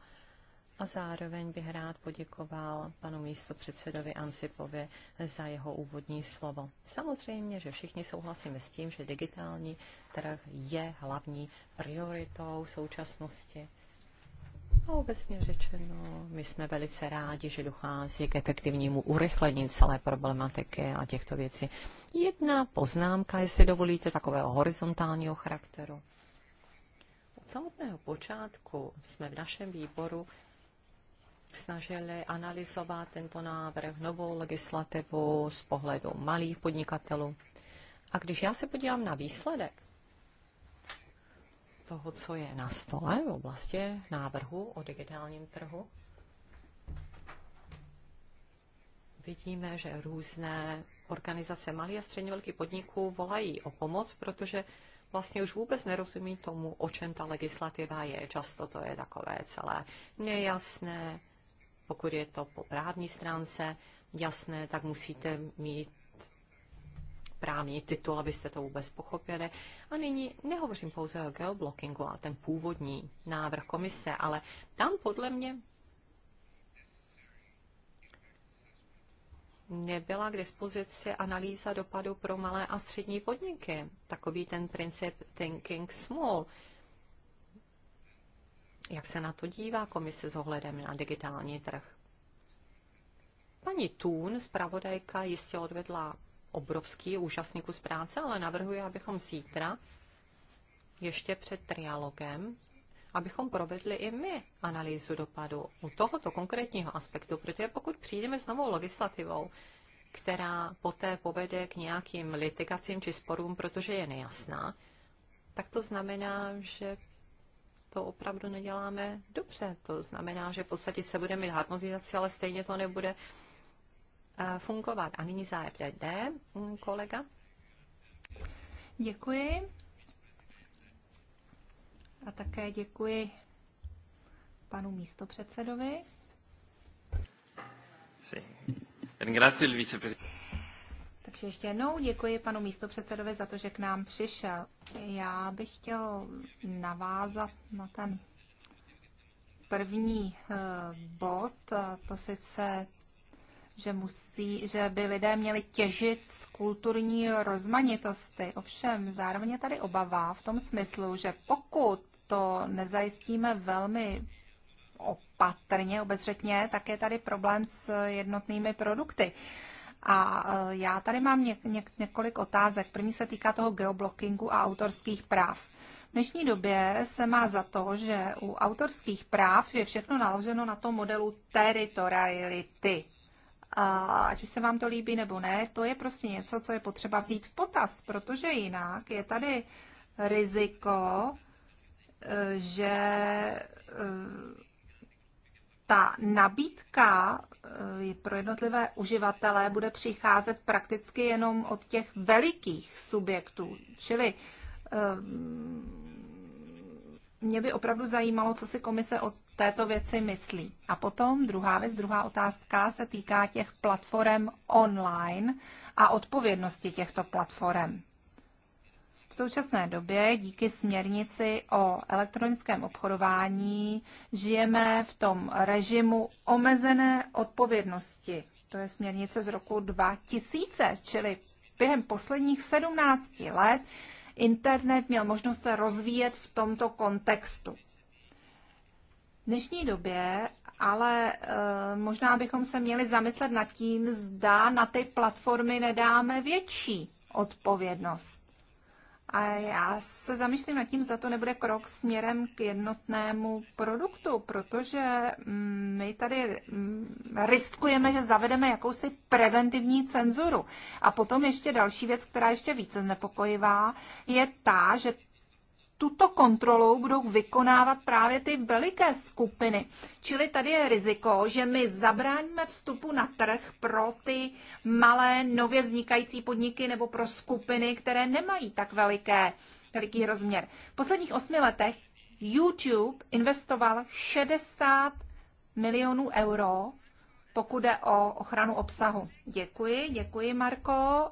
A zároveň bych rád poděkoval panu místopředsedovi Ansipovi za jeho úvodní slovo. Samozřejmě, že všichni souhlasíme s tím, že digitální trh je hlavní prioritou současnosti. A obecně řečeno, my jsme velice rádi, že dochází k efektivnímu urychlení celé problematiky a těchto věcí. Jedna poznámka, jestli dovolíte, takového horizontálního charakteru. Od samotného počátku jsme v našem výboru snažili analyzovat tento návrh, novou legislativu z pohledu malých podnikatelů. A když já se podívám na výsledek toho, co je na stole v oblasti návrhu o digitálním trhu, vidíme, že různé organizace malých a středně velkých podniků volají o pomoc, protože vlastně už vůbec nerozumí tomu, o čem ta legislativa je. Často to je takové celé nejasné, pokud je to po právní stránce jasné, tak musíte mít právní titul, abyste to vůbec pochopili. A nyní nehovořím pouze o geoblockingu a ten původní návrh komise, ale tam podle mě nebyla k dispozici analýza dopadu pro malé a střední podniky. Takový ten princip thinking small. Jak se na to dívá komise s ohledem na digitální trh? Paní Tún, zpravodajka, jistě odvedla obrovský úžasný kus práce, ale navrhuji, abychom zítra, ještě před trialogem, abychom provedli i my analýzu dopadu u tohoto konkrétního aspektu, protože pokud přijdeme s novou legislativou, která poté povede k nějakým litigacím či sporům, protože je nejasná, tak to znamená, že to opravdu neděláme dobře. To znamená, že v podstatě se bude mít harmonizaci, ale stejně to nebude eh, fungovat. A nyní zájemně mm, jde, kolega. Děkuji. A také děkuji panu místopředsedovi. Sí. Takže ještě jednou děkuji panu místopředsedovi za to, že k nám přišel. Já bych chtěl navázat na ten první eh, bod, to sice, že, musí, že by lidé měli těžit z kulturní rozmanitosti. Ovšem, zároveň je tady obava v tom smyslu, že pokud to nezajistíme velmi opatrně, obezřetně, tak je tady problém s jednotnými produkty. A e, já tady mám něk, něk, několik otázek. První se týká toho geoblockingu a autorských práv. V dnešní době se má za to, že u autorských práv je všechno naloženo na tom modelu teritoriality. A ať už se vám to líbí nebo ne, to je prostě něco, co je potřeba vzít v potaz, protože jinak je tady riziko, e, že e, ta nabídka eh, pro jednotlivé uživatelé bude přicházet prakticky jenom od těch velikých subjektů. Čili eh, mě by opravdu zajímalo, co si komise o této věci myslí. A potom druhá věc, druhá otázka se týká těch platform online a odpovědnosti těchto platform. V současné době díky směrnici o elektronickém obchodování žijeme v tom režimu omezené odpovědnosti. To je směrnice z roku 2000, čili během posledních 17 let internet měl možnost se rozvíjet v tomto kontextu. V dnešní době ale e, možná bychom se měli zamyslet nad tím, zda na ty platformy nedáme větší odpovědnost. A já se zamýšlím nad tím, zda to nebude krok směrem k jednotnému produktu, protože mm, my tady mm, riskujeme, že zavedeme jakousi preventivní cenzuru. A potom ještě další věc, která ještě více znepokojivá, je ta, že tuto kontrolu budou vykonávat právě ty veliké skupiny. Čili tady je riziko, že my zabráníme vstupu na trh pro ty malé, nově vznikající podniky nebo pro skupiny, které nemají tak veliké, veliký rozměr. V posledních osmi letech YouTube investoval 60 milionů euro, pokud jde o ochranu obsahu. Děkuji, děkuji Marko.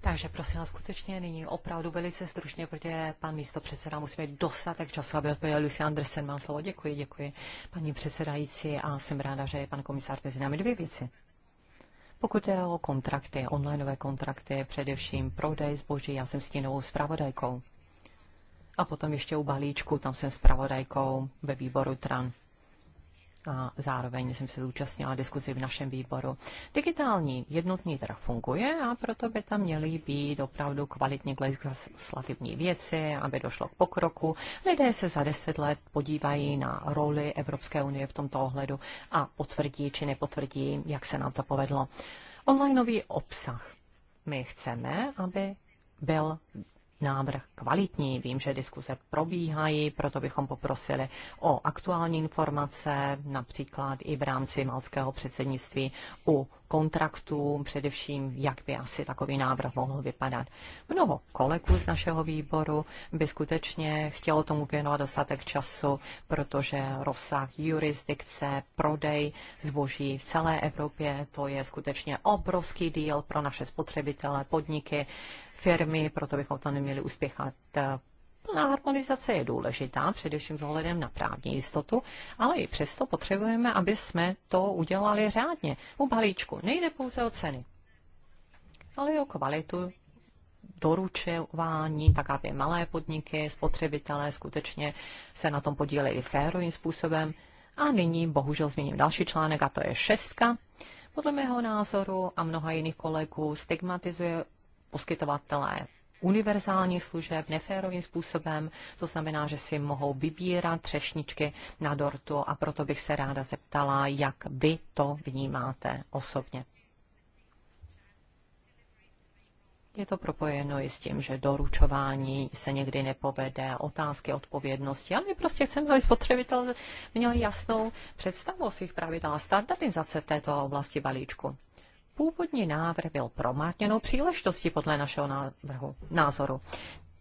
Takže prosím vás skutečně nyní opravdu velice stručně, protože pan místo předseda musí mít dostatek času, aby odpověděl Lucy Andersen. Mám slovo. Děkuji, děkuji paní předsedající a jsem ráda, že je pan komisár mezi námi dvě věci. Pokud jde o kontrakty, onlineové kontrakty, především prodej zboží, já jsem s tím novou zpravodajkou. A potom ještě u balíčku, tam jsem zpravodajkou ve výboru TRAN a zároveň jsem se zúčastnila diskuzi v našem výboru. Digitální jednotný trh funguje a proto by tam měly být opravdu kvalitní legislativní věci, aby došlo k pokroku. Lidé se za deset let podívají na roli Evropské unie v tomto ohledu a potvrdí či nepotvrdí, jak se nám to povedlo. Onlineový obsah. My chceme, aby byl návrh kvalitní. Vím, že diskuze probíhají, proto bychom poprosili o aktuální informace, například i v rámci malského předsednictví u kontraktů, především jak by asi takový návrh mohl vypadat. Mnoho kolegů z našeho výboru by skutečně chtělo tomu věnovat dostatek času, protože rozsah jurisdikce, prodej zboží v celé Evropě, to je skutečně obrovský díl pro naše spotřebitele, podniky, firmy, proto bychom to neměli uspěchat Plná no, harmonizace je důležitá, především s ohledem na právní jistotu, ale i přesto potřebujeme, aby jsme to udělali řádně. U balíčku nejde pouze o ceny, ale i o kvalitu doručování, tak aby malé podniky, spotřebitelé skutečně se na tom podíleli férovým způsobem. A nyní bohužel změním další článek, a to je šestka. Podle mého názoru a mnoha jiných kolegů stigmatizuje poskytovatelé Univerzální služeb neférovým způsobem, to znamená, že si mohou vybírat třešničky na dortu a proto bych se ráda zeptala, jak vy to vnímáte osobně. Je to propojeno i s tím, že doručování se někdy nepovede, otázky odpovědnosti, ale my prostě chceme, aby spotřebitel měl jasnou představu o svých pravidlech, a standardizace v této oblasti balíčku. Původní návrh byl promátěnou příležitostí podle našeho návrhu, názoru.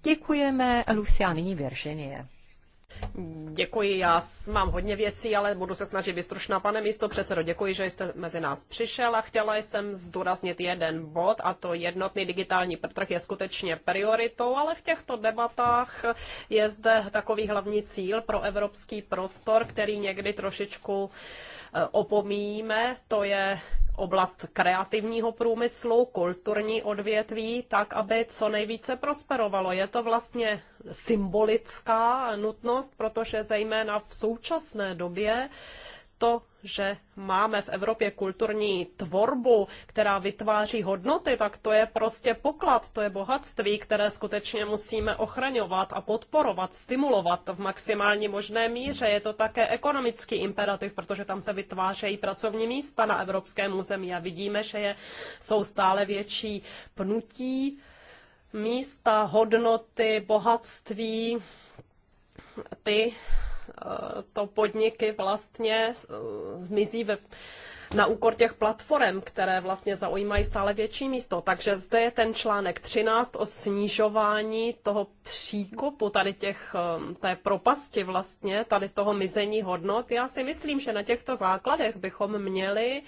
Děkujeme, Lucia, nyní Virginie. Děkuji, já mám hodně věcí, ale budu se snažit být stručná. Pane místo předsedo, děkuji, že jste mezi nás přišel a chtěla jsem zdůraznit jeden bod a to jednotný digitální trh je skutečně prioritou, ale v těchto debatách je zde takový hlavní cíl pro evropský prostor, který někdy trošičku eh, opomíjíme, to je oblast kreativního průmyslu, kulturní odvětví, tak aby co nejvíce prosperovalo. Je to vlastně symbolická nutnost, protože zejména v současné době to, že máme v Evropě kulturní tvorbu, která vytváří hodnoty, tak to je prostě poklad, to je bohatství, které skutečně musíme ochraňovat a podporovat, stimulovat v maximální možné míře. Je to také ekonomický imperativ, protože tam se vytvářejí pracovní místa na evropském území a vidíme, že je, jsou stále větší pnutí místa, hodnoty, bohatství, ty Eh, to podniky vlastně eh, zmizí ve, na úkor těch platform, které vlastně zaujímají stále větší místo. Takže zde je ten článek 13 o snižování toho příkopu, tady těch, eh, té propasti vlastně, tady toho mizení hodnot. Já si myslím, že na těchto základech bychom měli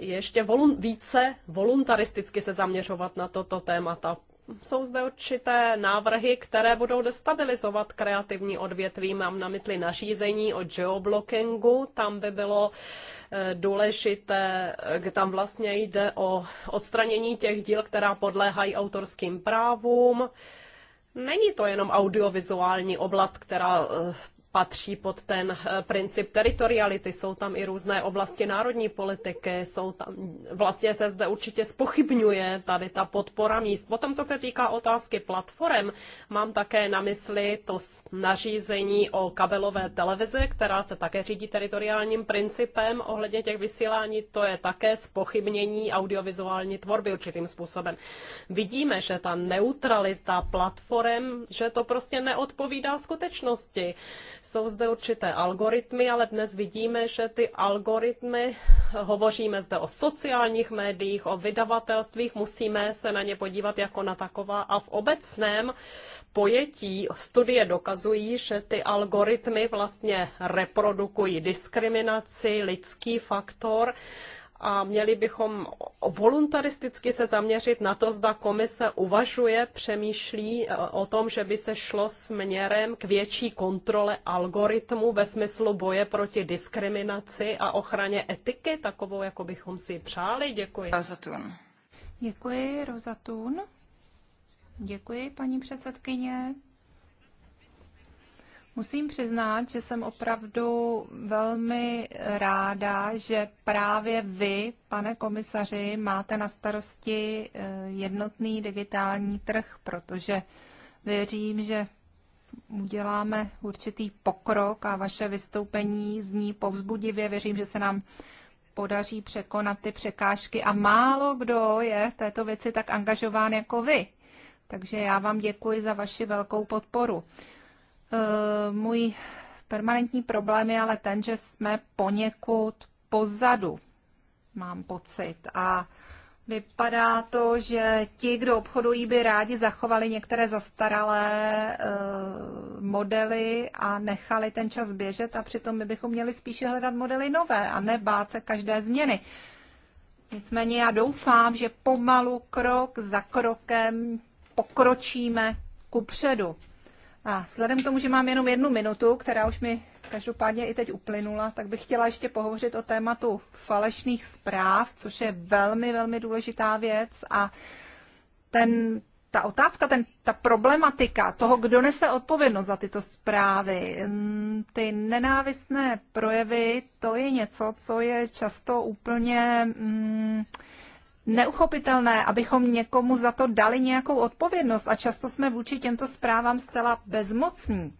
ještě volu- více voluntaristicky se zaměřovat na toto témata jsou zde určité návrhy, které budou destabilizovat kreativní odvětví. Mám na mysli nařízení o geoblockingu. Tam by bylo eh, důležité, eh, tam vlastně jde o odstranění těch díl, která podléhají autorským právům. Není to jenom audiovizuální oblast, která eh, patří pod ten eh, princip teritoriality. Jsou tam i různé oblasti národní politiky, jsou tam, vlastně se zde určitě spochybňuje tady ta podpora míst. Potom, co se týká otázky platform, mám také na mysli to nařízení o kabelové televizi, která se také řídí teritoriálním principem ohledně těch vysílání. To je také spochybnění audiovizuální tvorby určitým způsobem. Vidíme, že ta neutralita platform, že to prostě neodpovídá skutečnosti. Jsou zde určité algoritmy, ale dnes vidíme, že ty algoritmy, hovoříme zde o sociálních médiích, o vydavatelstvích, musíme se na ně podívat jako na taková a v obecném pojetí studie dokazují, že ty algoritmy vlastně reprodukují diskriminaci, lidský faktor a měli bychom voluntaristicky se zaměřit na to, zda komise uvažuje, přemýšlí e, o tom, že by se šlo směrem k větší kontrole algoritmu ve smyslu boje proti diskriminaci a ochraně etiky, takovou, jako bychom si přáli. Děkuji. Rozatun. Děkuji, Rozatun. Děkuji, paní předsedkyně. Musím přiznat, že jsem opravdu velmi ráda, že právě vy, pane komisaři, máte na starosti eh, jednotný digitální trh, protože věřím, že uděláme určitý pokrok a vaše vystoupení zní povzbudivě. Věřím, že se nám podaří překonat ty překážky a málo kdo je v této věci tak angažován jako vy. Takže já vám děkuji za vaši velkou podporu. Eh, můj permanentní problém je ale ten, že jsme poněkud pozadu, mám pocit. A vypadá to, že ti, kdo obchodují, by rádi zachovali některé zastaralé eh, modely a nechali ten čas běžet a přitom my bychom měli spíše hledat modely nové a nebát se každé změny. Nicméně já doufám, že pomalu krok za krokem pokročíme ku předu. A vzhledem k tomu, že mám jenom jednu minutu, která už mi každopádně i teď uplynula, tak bych chtěla ještě pohovořit o tématu falešných zpráv, což je velmi, velmi důležitá věc a ten, ta otázka, ten, ta problematika toho, kdo nese odpovědnost za tyto zprávy, ty nenávistné projevy, to je něco, co je často úplně... Mm, neuchopitelné, abychom někomu za to dali nějakou odpovědnost a často jsme vůči těmto zprávám zcela bezmocní.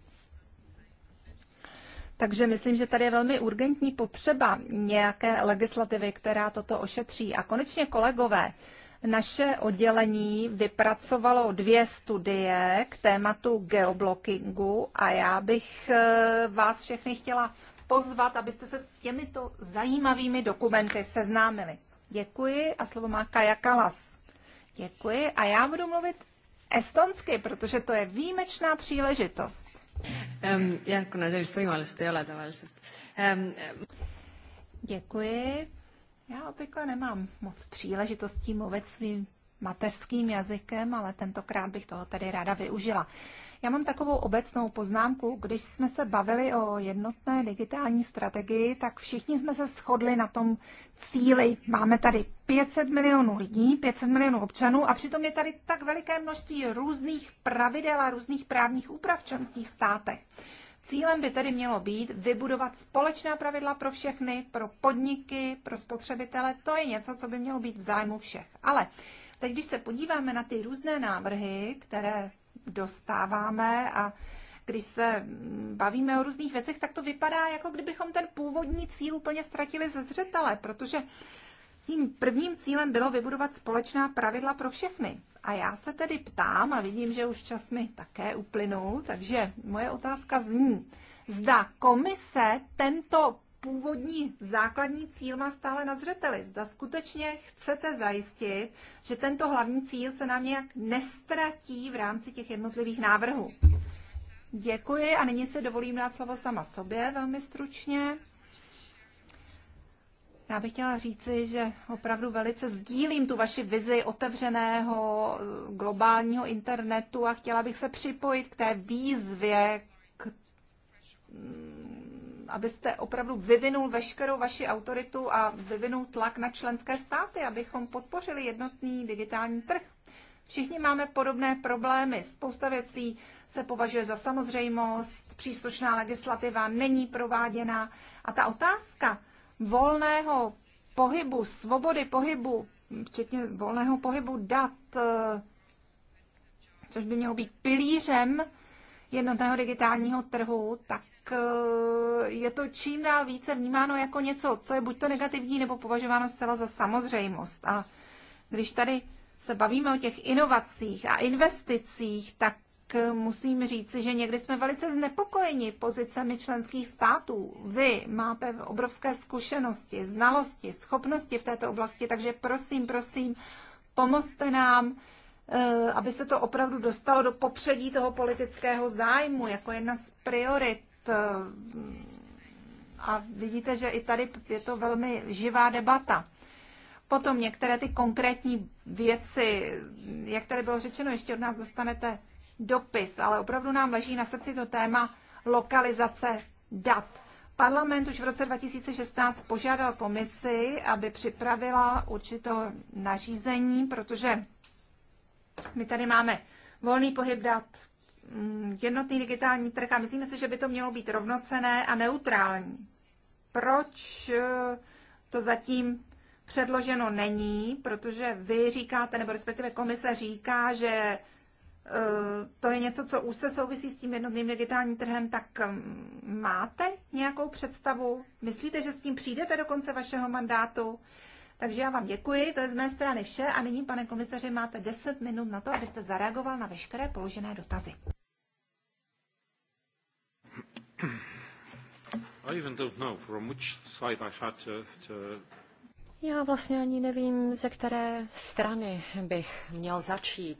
Takže myslím, že tady je velmi urgentní potřeba nějaké legislativy, která toto ošetří. A konečně kolegové, naše oddělení vypracovalo dvě studie k tématu geoblockingu a já bych eh, vás všechny chtěla pozvat, abyste se s těmito zajímavými dokumenty seznámili. Děkuji a slovo má Kaja Kalas. Děkuji a já budu mluvit estonsky, protože to je výjimečná příležitost. Um, Děkuji. Já obvykle nemám moc příležitostí mluvit svým mateřským jazykem, ale tentokrát bych toho tady ráda využila. Já mám takovou obecnou poznámku. Když jsme se bavili o jednotné digitální strategii, tak všichni jsme se shodli na tom cíli. Máme tady 500 milionů lidí, 500 milionů občanů a přitom je tady tak veliké množství různých pravidel a různých právních úprav v členských státech. Cílem by tedy mělo být vybudovat společná pravidla pro všechny, pro podniky, pro spotřebitele. To je něco, co by mělo být v zájmu všech. Ale teď, když se podíváme na ty různé návrhy, které dostáváme a když se bavíme o různých věcech, tak to vypadá, jako kdybychom ten původní cíl úplně ztratili ze zřetele, protože tím prvním cílem bylo vybudovat společná pravidla pro všechny. A já se tedy ptám, a vidím, že už čas mi také uplynul, takže moje otázka zní, zda komise tento původní základní cíl má stále na zřeteli. Zda skutečně chcete zajistit, že tento hlavní cíl se nám nějak nestratí v rámci těch jednotlivých návrhů. Děkuji a nyní se dovolím dát slovo sama sobě velmi stručně. Já bych chtěla říci, že opravdu velice sdílím tu vaši vizi otevřeného globálního internetu a chtěla bych se připojit k té výzvě k abyste opravdu vyvinul veškerou vaši autoritu a vyvinul tlak na členské státy, abychom podpořili jednotný digitální trh. Všichni máme podobné problémy. Spousta věcí se považuje za samozřejmost, příslušná legislativa není prováděna. A ta otázka volného pohybu, svobody pohybu, včetně volného pohybu dat, eh, což by mělo být pilířem jednotného digitálního trhu, tak Eh, je to čím dál více vnímáno jako něco, co je buď to negativní, nebo považováno zcela za samozřejmost. A když tady se bavíme o těch inovacích a investicích, tak eh, musím říci, že někdy jsme velice znepokojeni pozicemi členských států. Vy máte obrovské zkušenosti, znalosti, schopnosti v této oblasti, takže prosím, prosím, pomozte nám, eh, aby se to opravdu dostalo do popředí toho politického zájmu jako jedna z priorit Eh, a vidíte, že i tady je to velmi živá debata. Potom některé ty konkrétní věci, jak tady bylo řečeno, ještě od nás dostanete dopis, ale opravdu nám leží na srdci to téma lokalizace dat. Parlament už v roce 2016 požádal komisi, aby připravila určité nařízení, protože my tady máme volný pohyb dat, jednotný digitální trh a myslíme si, že by to mělo být rovnocené a neutrální. Proč eh, to zatím předloženo není, protože vy říkáte, nebo respektive komise říká, že eh, to je něco, co se souvisí s tím jednotným digitálním trhem, tak mm, máte nějakou představu? Myslíte, že s tím přijdete do konce vašeho mandátu? Takže já vám děkuji, to je z mé strany vše a nyní, pane komisaři, máte 10 minut na to, abyste zareagoval na veškeré položené dotazy. Já vlastně ani nevím, ze které strany bych měl začít.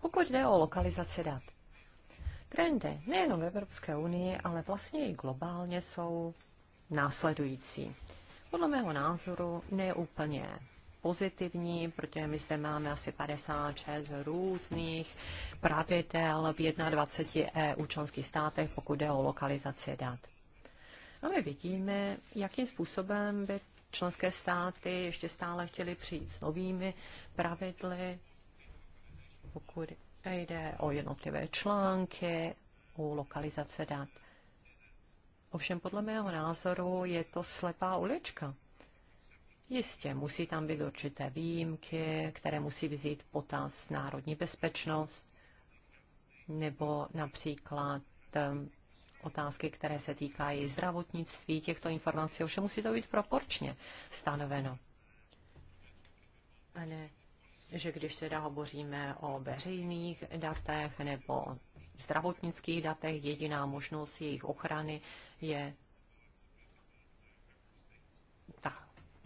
Pokud jde o lokalizaci dat, trendy nejenom v Evropské unii, ale vlastně i globálně jsou následující. Podle mého názoru neúplně pozitivní, protože my zde máme asi 56 různých pravidel v 21 EU členských státech, pokud jde o lokalizaci dat. A my vidíme, jakým způsobem by členské státy ještě stále chtěly přijít s novými pravidly, pokud jde o jednotlivé články, o lokalizace dat. Ovšem podle mého názoru je to slepá ulička. Jistě, musí tam být určité výjimky, které musí vzít potaz národní bezpečnost, nebo například ehm, otázky, které se týkají zdravotnictví, těchto informací, ovšem musí to být proporčně stanoveno. A ne, že když teda hovoříme o veřejných datech nebo zdravotnických datech, jediná možnost jejich ochrany je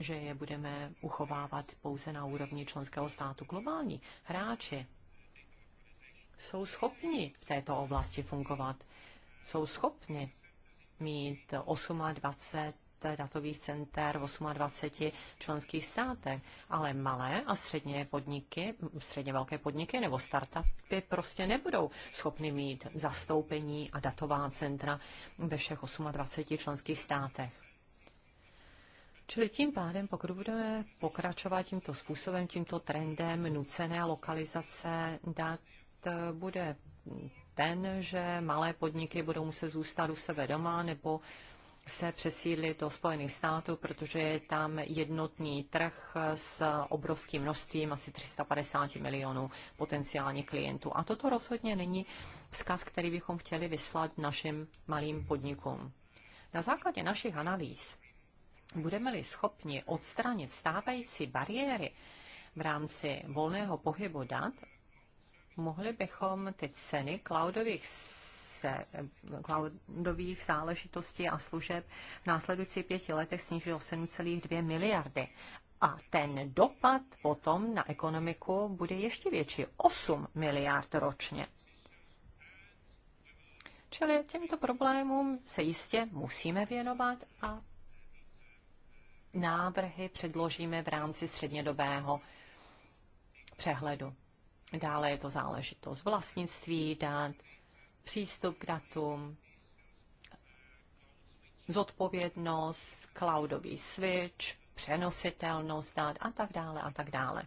že je budeme uchovávat pouze na úrovni členského státu. Globální hráči jsou schopni v této oblasti fungovat. Jsou schopni mít 28 datových center v 28 členských státech, ale malé a středně podniky, středně velké podniky nebo startupy prostě nebudou schopny mít zastoupení a datová centra ve všech 28 členských státech. Čili tím pádem, pokud budeme pokračovat tímto způsobem, tímto trendem nucené lokalizace dat, bude ten, že malé podniky budou muset zůstat u sebe doma nebo se přesídlit do Spojených států, protože je tam jednotný trh s obrovským množstvím, asi 350 milionů potenciálních klientů. A toto rozhodně není vzkaz, který bychom chtěli vyslat našim malým podnikům. Na základě našich analýz Budeme-li schopni odstranit stávající bariéry v rámci volného pohybu dat, mohli bychom ty ceny cloudových se cloudových záležitostí a služeb v následujících pěti letech snížit o 7,2 miliardy. A ten dopad potom na ekonomiku bude ještě větší, 8 miliard ročně. Čili těmto problémům se jistě musíme věnovat a návrhy předložíme v rámci střednědobého přehledu. Dále je to záležitost vlastnictví, dát přístup k datům, zodpovědnost, cloudový switch, přenositelnost dát a tak dále a tak dále.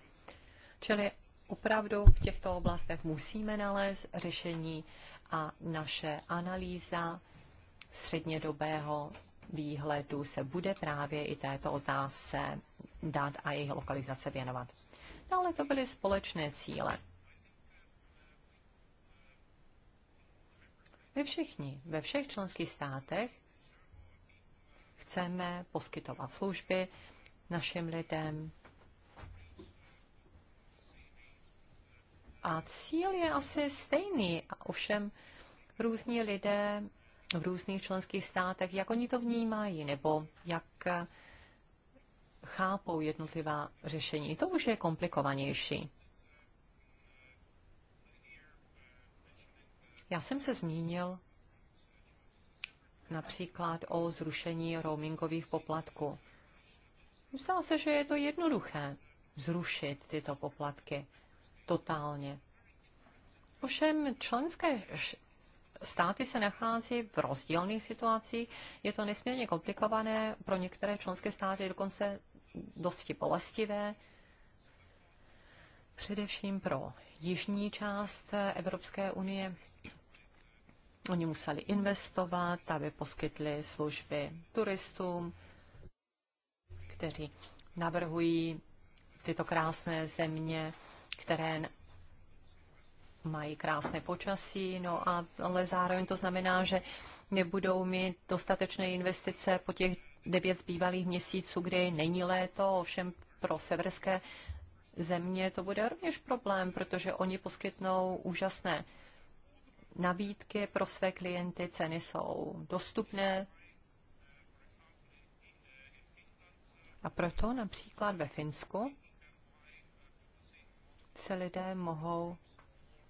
Čili opravdu v těchto oblastech musíme nalézt řešení a naše analýza střednědobého výhledu se bude právě i této otázce dát a jejich lokalizace věnovat. No ale to byly společné cíle. My všichni ve všech členských státech chceme poskytovat služby našim lidem. A cíl je asi stejný, ovšem různí lidé v různých členských státech, jak oni to vnímají, nebo jak chápou jednotlivá řešení. To už je komplikovanější. Já jsem se zmínil například o zrušení roamingových poplatků. Myslím se, že je to jednoduché zrušit tyto poplatky totálně. Ovšem členské státy se nachází v rozdílných situacích. Je to nesmírně komplikované, pro některé členské státy je dokonce dosti bolestivé, především pro jižní část Evropské unie. Oni museli investovat, aby poskytli služby turistům, kteří navrhují tyto krásné země, které mají krásné počasí, no a, ale zároveň to znamená, že nebudou mít dostatečné investice po těch devět zbývalých měsíců, kdy není léto, ovšem pro severské země to bude rovněž problém, protože oni poskytnou úžasné nabídky pro své klienty, ceny jsou dostupné. A proto například ve Finsku se lidé mohou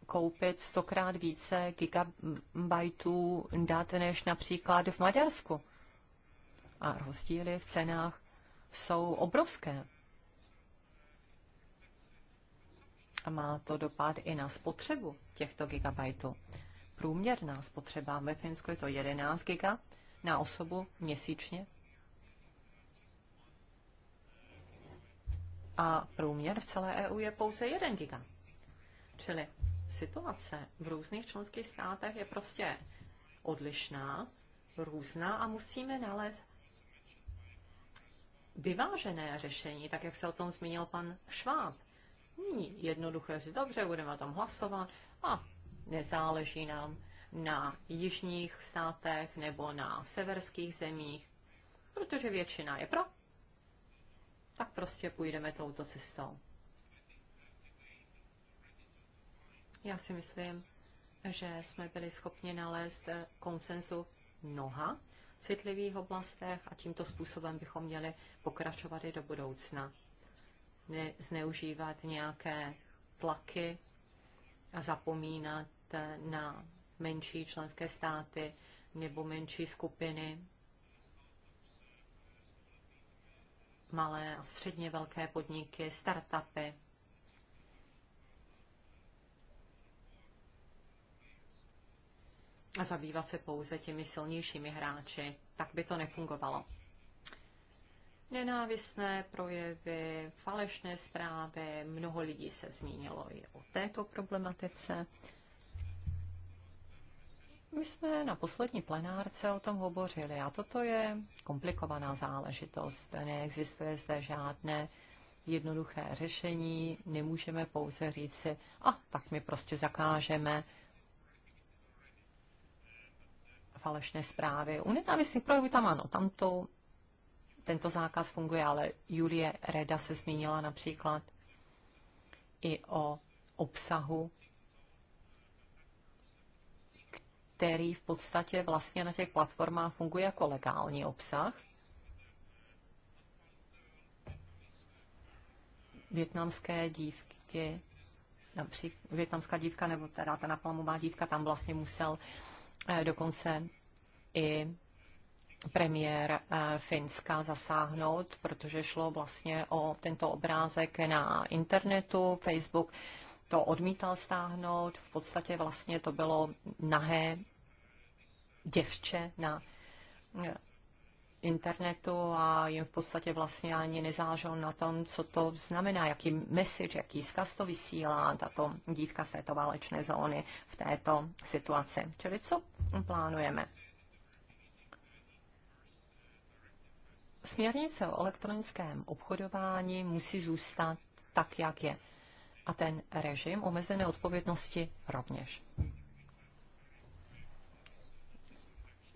koupit stokrát více gigabajtů dat než například v Maďarsku. A rozdíly v cenách jsou obrovské. A má to dopad i na spotřebu těchto gigabajtů. Průměrná spotřeba ve Finsku je to 11 giga na osobu měsíčně. A průměr v celé EU je pouze 1 giga. Čili situace v různých členských státech je prostě odlišná, různá a musíme nalézt vyvážené řešení, tak jak se o tom zmínil pan Šváb. Není jednoduché říct, dobře, budeme tam hlasovat a nezáleží nám na jižních státech nebo na severských zemích, protože většina je pro, tak prostě půjdeme touto cestou. Já si myslím, že jsme byli schopni nalézt eh, konsenzu mnoha citlivých oblastech a tímto způsobem bychom měli pokračovat i do budoucna. Nezneužívat nějaké tlaky a zapomínat eh, na menší členské státy nebo menší skupiny, malé a středně velké podniky, startupy. a zabývat se pouze těmi silnějšími hráči. Tak by to nefungovalo. Nenávistné projevy, falešné zprávy, mnoho lidí se zmínilo i o této problematice. My jsme na poslední plenárce o tom hovořili a toto je komplikovaná záležitost. Neexistuje zde žádné jednoduché řešení, nemůžeme pouze říci, a tak my prostě zakážeme falešné zprávy. U nenávistných projevů tam ano, tam to, tento zákaz funguje, ale Julie Reda se zmínila například i o obsahu, který v podstatě vlastně na těch platformách funguje jako legální obsah. Větnamské dívky, například větnamská dívka nebo teda ta naplamová dívka tam vlastně musel Eh, dokonce i premiér eh, Finska zasáhnout, protože šlo vlastně o tento obrázek na internetu, Facebook to odmítal stáhnout, v podstatě vlastně to bylo nahé děvče na eh, internetu a jim v podstatě vlastně ani nezáleželo na tom, co to znamená, jaký message, jaký zkaz to vysílá tato dívka z této válečné zóny v této situaci. Čili co plánujeme? Směrnice o elektronickém obchodování musí zůstat tak, jak je. A ten režim omezené odpovědnosti rovněž.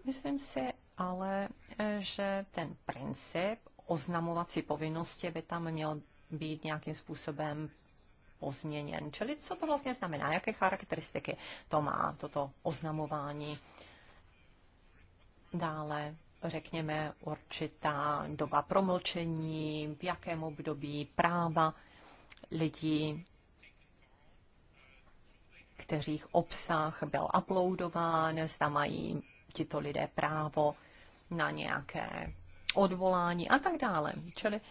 Myslím si, ale e, že ten princip oznamovací povinnosti by tam měl být nějakým způsobem pozměněn. Čili co to vlastně znamená, jaké charakteristiky to má, toto oznamování. Dále řekněme, určitá doba promlčení, v jakém období práva lidí, kteřích obsah byl uploadován, zda mají tito lidé právo na nějaké odvolání a tak dále. Čili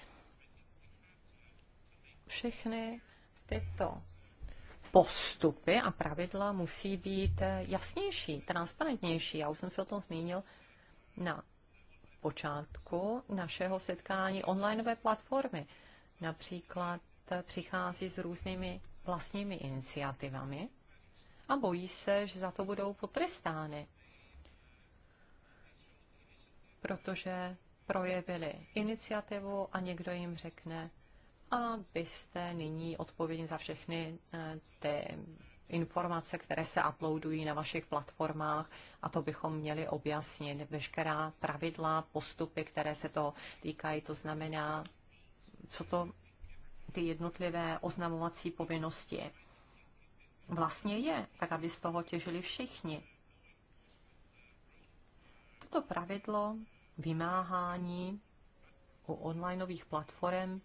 všechny tyto postupy a pravidla musí být jasnější, transparentnější. Já už jsem se o tom zmínil na počátku našeho setkání onlineové platformy. Například přichází s různými vlastními iniciativami a bojí se, že za to budou potrestány protože projevili iniciativu a někdo jim řekne, a vy jste nyní odpovědní za všechny eh, ty informace, které se uploadují na vašich platformách a to bychom měli objasnit. Veškerá pravidla, postupy, které se to týkají, to znamená, co to ty jednotlivé oznamovací povinnosti vlastně je, tak aby z toho těžili všichni. Toto pravidlo vymáhání u onlineových platform,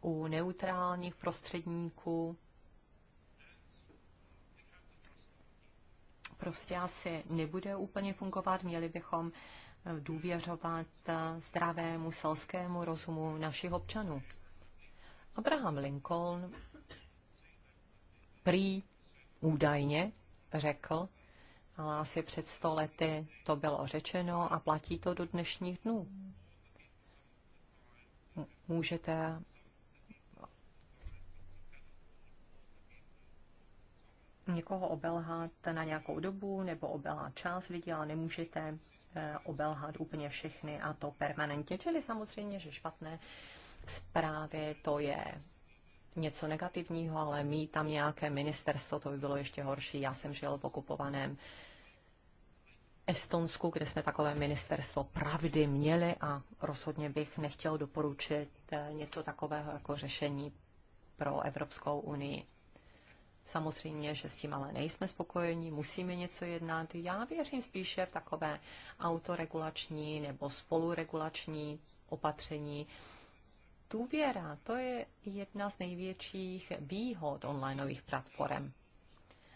u neutrálních prostředníků, prostě asi nebude úplně fungovat. Měli bychom důvěřovat zdravému selskému rozumu našich občanů. Abraham Lincoln prý údajně řekl, ale asi před sto lety to bylo řečeno a platí to do dnešních dnů. Můžete někoho obelhat na nějakou dobu nebo obelhat část lidí, ale nemůžete eh, obelhat úplně všechny a to permanentně. Čili samozřejmě, že špatné zprávy to je něco negativního, ale mít tam nějaké ministerstvo, to by bylo ještě horší. Já jsem žil v okupovaném Estonsku, kde jsme takové ministerstvo pravdy měli a rozhodně bych nechtěl doporučit eh, něco takového jako řešení pro Evropskou unii. Samozřejmě, že s tím ale nejsme spokojeni, musíme něco jednat. Já věřím spíše v takové autoregulační nebo spoluregulační opatření, důvěra, to je jedna z největších výhod onlineových platform.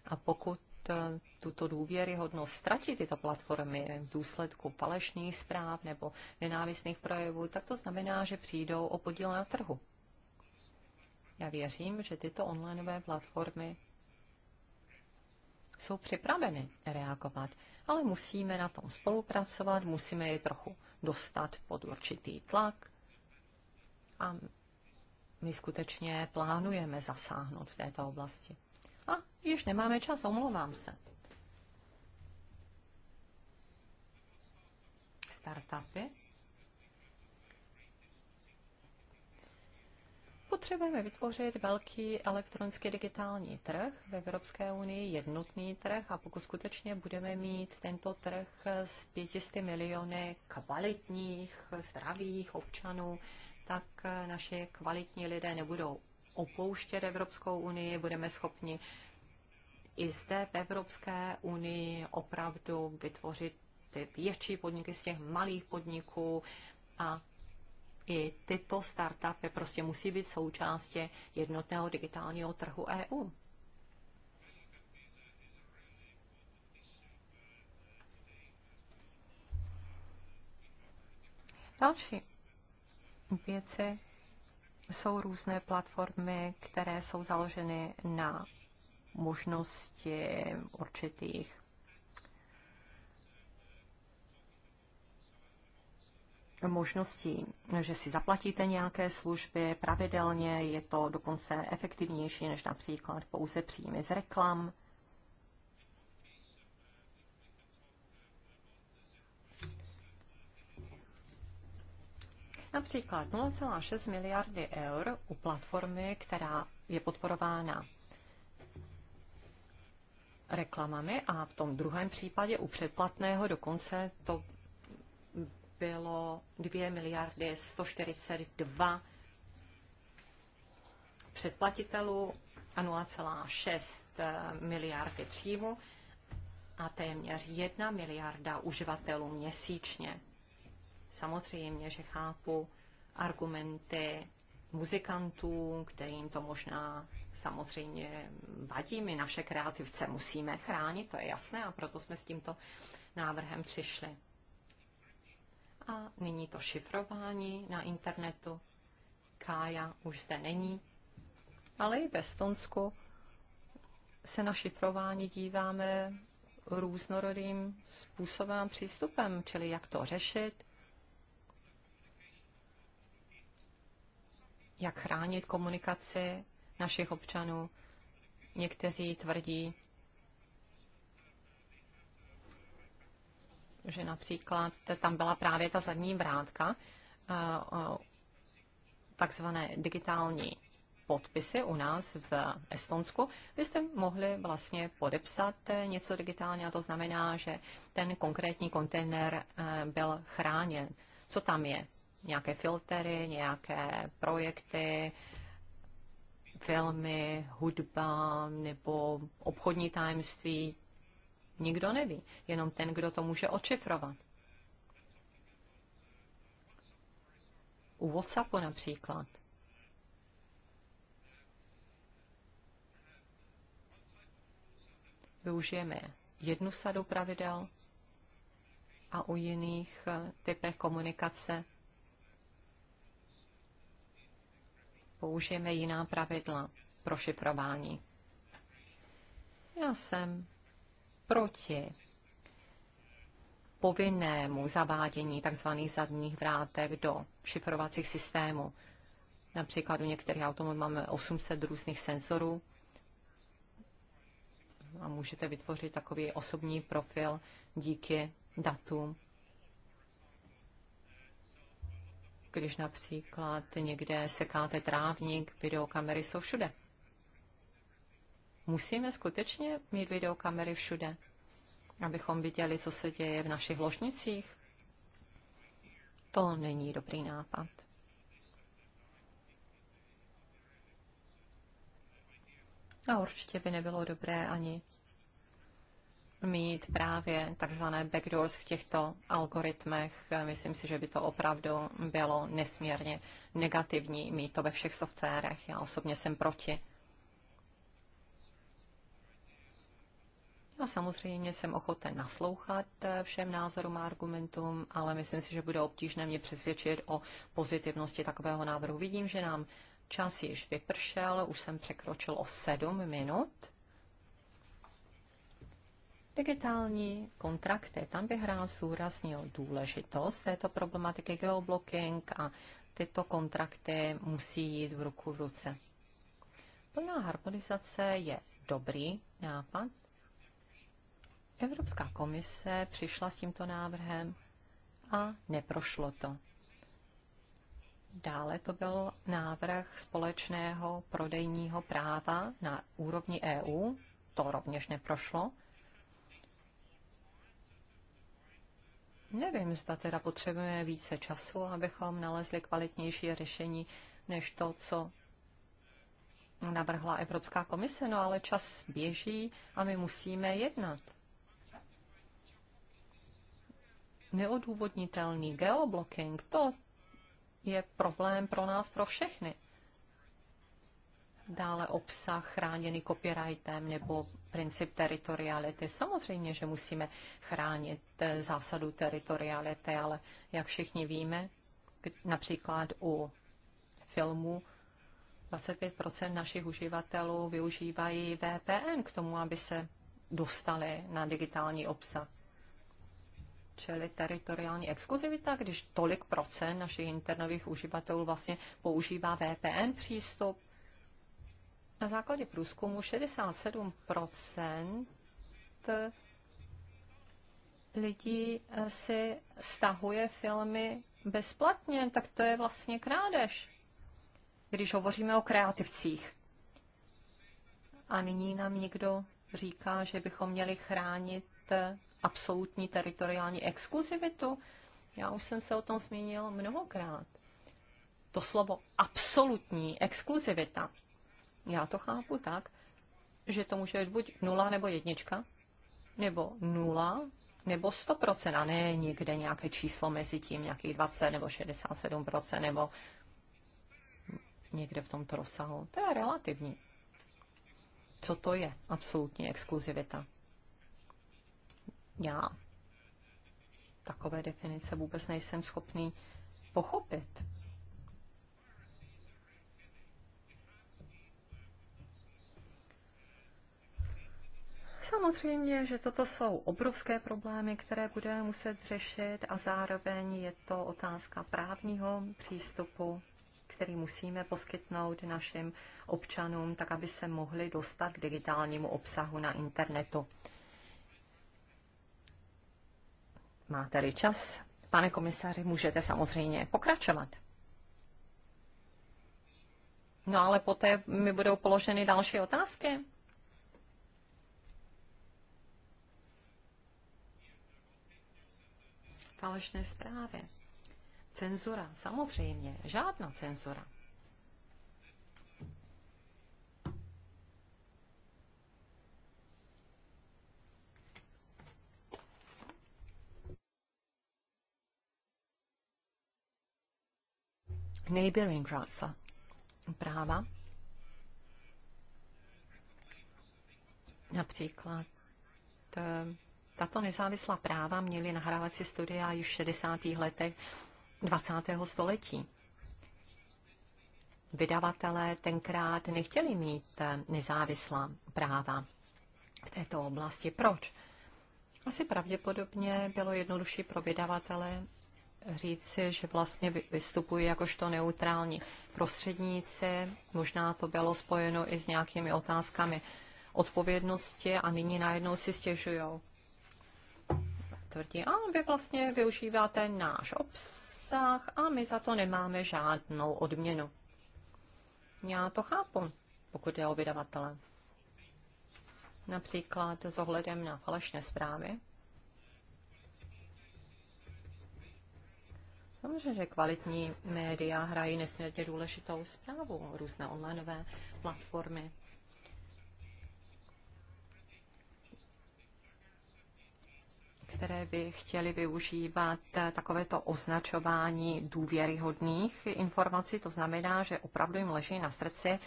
A pokud eh, tuto důvěryhodnost ztratí tyto platformy v důsledku palešných zpráv nebo nenávistných projevů, tak to znamená, že přijdou o podíl na trhu. Já věřím, že tyto onlineové platformy jsou připraveny reagovat, ale musíme na tom spolupracovat, musíme je trochu dostat pod určitý tlak, a my skutečně plánujeme zasáhnout v této oblasti. A již nemáme čas, omlouvám se. Startupy. Potřebujeme vytvořit velký elektronický digitální trh v Evropské unii, jednotný trh a pokud skutečně budeme mít tento trh s 500 miliony kvalitních, zdravých občanů, tak eh, naši kvalitní lidé nebudou opouštět Evropskou unii, budeme schopni i zde v Evropské unii opravdu vytvořit ty větší podniky z těch malých podniků a i tyto startupy prostě musí být součástí jednotného digitálního trhu EU. Další věci. Jsou různé platformy, které jsou založeny na možnosti určitých možností, že si zaplatíte nějaké služby pravidelně, je to dokonce efektivnější než například pouze příjmy z reklam. Například 0,6 miliardy eur u platformy, která je podporována reklamami a v tom druhém případě u předplatného dokonce to bylo 2 miliardy 142 předplatitelů a 0,6 eh, miliardy příjmu a téměř 1 miliarda uživatelů měsíčně. Samozřejmě, že chápu argumenty muzikantů, kterým to možná samozřejmě vadí. My naše kreativce musíme chránit, to je jasné, a proto jsme s tímto návrhem přišli. A nyní to šifrování na internetu. Kája už zde není, ale i v Estonsku se na šifrování díváme různorodým způsobem, přístupem, čili jak to řešit, jak chránit komunikaci našich občanů. Někteří tvrdí, že například tam byla právě ta zadní vrátka, eh, takzvané digitální podpisy u nás v Estonsku, byste mohli vlastně podepsat eh, něco digitálně a to znamená, že ten konkrétní kontejner eh, byl chráněn. Co tam je? nějaké filtery, nějaké projekty, filmy, hudba nebo obchodní tajemství. Nikdo neví, jenom ten, kdo to může očifrovat. U WhatsAppu například. Využijeme jednu sadu pravidel a u jiných typech komunikace použijeme jiná pravidla pro šifrování. Já jsem proti povinnému zavádění tzv. zadních vrátek do šifrovacích systémů. Například u některých automobilů máme 800 různých senzorů a můžete vytvořit takový osobní profil díky datům když například někde sekáte trávník, videokamery jsou všude. Musíme skutečně mít videokamery všude, abychom viděli, co se děje v našich ložnicích. To není dobrý nápad. A určitě by nebylo dobré ani mít právě takzvané backdoors v těchto algoritmech. Myslím si, že by to opravdu bylo nesmírně negativní mít to ve všech softwarech. Já osobně jsem proti. A samozřejmě jsem ochoten naslouchat eh, všem názorům a argumentům, ale myslím si, že bude obtížné mě přesvědčit o pozitivnosti takového návrhu. Vidím, že nám čas již vypršel, už jsem překročil o sedm minut. Digitální kontrakty, tam bych rád zúraznil důležitost této problematiky geoblocking a tyto kontrakty musí jít v ruku v ruce. Plná harmonizace je dobrý nápad. Evropská komise přišla s tímto návrhem a neprošlo to. Dále to byl návrh společného prodejního práva na úrovni EU, to rovněž neprošlo. Nevím, zda teda potřebujeme více času, abychom nalezli kvalitnější řešení než to, co navrhla Evropská komise, no ale čas běží a my musíme jednat. Neodůvodnitelný geoblocking, to je problém pro nás, pro všechny dále obsah chráněný copyrightem nebo princip teritoriality. Samozřejmě, že musíme chránit eh, zásadu teritoriality, ale jak všichni víme, například u filmu 25 našich uživatelů využívají VPN k tomu, aby se dostali na digitální obsah. Čili teritoriální exkluzivita, když tolik procent našich internových uživatelů vlastně používá VPN přístup, na základě průzkumu 67 lidí eh, si stahuje filmy bezplatně, tak to je vlastně krádež, když hovoříme o kreativcích. A nyní nám někdo říká, že bychom měli chránit eh, absolutní teritoriální exkluzivitu. Já už jsem se o tom zmínil mnohokrát. To slovo absolutní exkluzivita já to chápu tak, že to může být buď nula nebo jednička, nebo nula, nebo 100%, a ne někde nějaké číslo mezi tím, nějakých 20 nebo 67%, nebo někde v tomto rozsahu. To je relativní. Co to je absolutní exkluzivita? Já takové definice vůbec nejsem schopný pochopit. Samozřejmě, že toto jsou obrovské problémy, které budeme muset řešit a zároveň je to otázka právního přístupu, který musíme poskytnout našim občanům, tak aby se mohli dostat k digitálnímu obsahu na internetu. Máte-li čas, pane komisaři, můžete samozřejmě pokračovat. No ale poté mi budou položeny další otázky. falešné zprávy. Cenzura, samozřejmě, žádná cenzura. Neighboring rights, práva, například eh, tato nezávislá práva měly nahrávací studia již v 60. letech 20. století. Vydavatelé tenkrát nechtěli mít eh, nezávislá práva v této oblasti. Proč? Asi pravděpodobně bylo jednodušší pro vydavatele říci, že vlastně vystupují jakožto neutrální prostředníci. Možná to bylo spojeno i s nějakými otázkami odpovědnosti a nyní najednou si stěžují tvrdí, a vy vlastně využíváte náš obsah a my za to nemáme žádnou odměnu. Já to chápu, pokud je o vydavatele. Například s ohledem na falešné zprávy. Samozřejmě, že kvalitní média hrají nesmírně důležitou zprávu, různé onlineové platformy které by chtěly využívat takovéto označování důvěryhodných informací. To znamená, že opravdu jim leží na srdci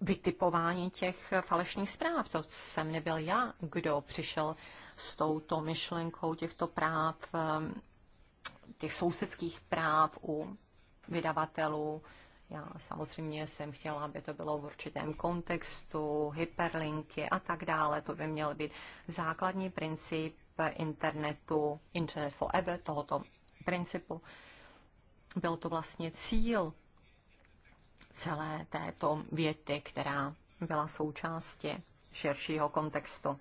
vytipování těch falešných zpráv. To jsem nebyl já, kdo přišel s touto myšlenkou těchto práv, ehm, těch sousedských práv u vydavatelů. Já samozřejmě jsem chtěla, aby to bylo v určitém kontextu, hyperlinky a tak dále. To by měl být základní princip internetu, Internet Forever, tohoto principu. Byl to vlastně cíl celé této věty, která byla součástí širšího kontextu.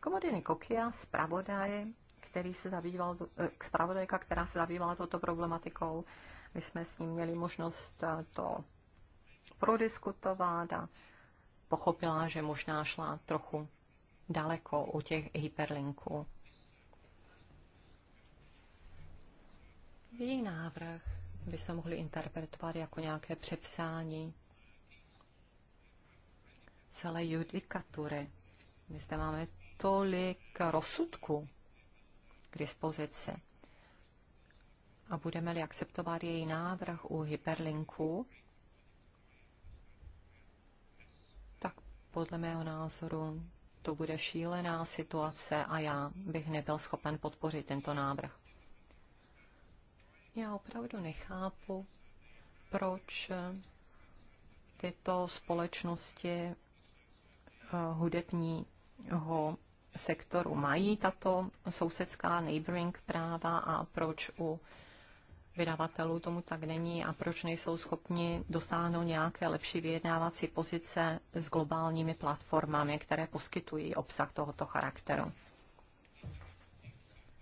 Komodiny Kokia, zpravodaj, který se zabýval, eh, zpravodajka, která se zabývala touto problematikou, my jsme s ním měli možnost eh, to prodiskutovat a pochopila, že možná šla trochu daleko u těch hyperlinků. Její návrh by se mohli interpretovat jako nějaké přepsání celé judikatury. My zde máme tolik rozsudků k dispozici. A budeme-li akceptovat její návrh u hyperlinků. podle mého názoru to bude šílená situace a já bych nebyl schopen podpořit tento návrh. Já opravdu nechápu, proč eh, tyto společnosti eh, hudebního sektoru mají tato sousedská neighboring práva a proč u vydavatelů tomu tak není a proč nejsou schopni dosáhnout nějaké lepší vyjednávací pozice s globálními platformami, které poskytují obsah tohoto charakteru.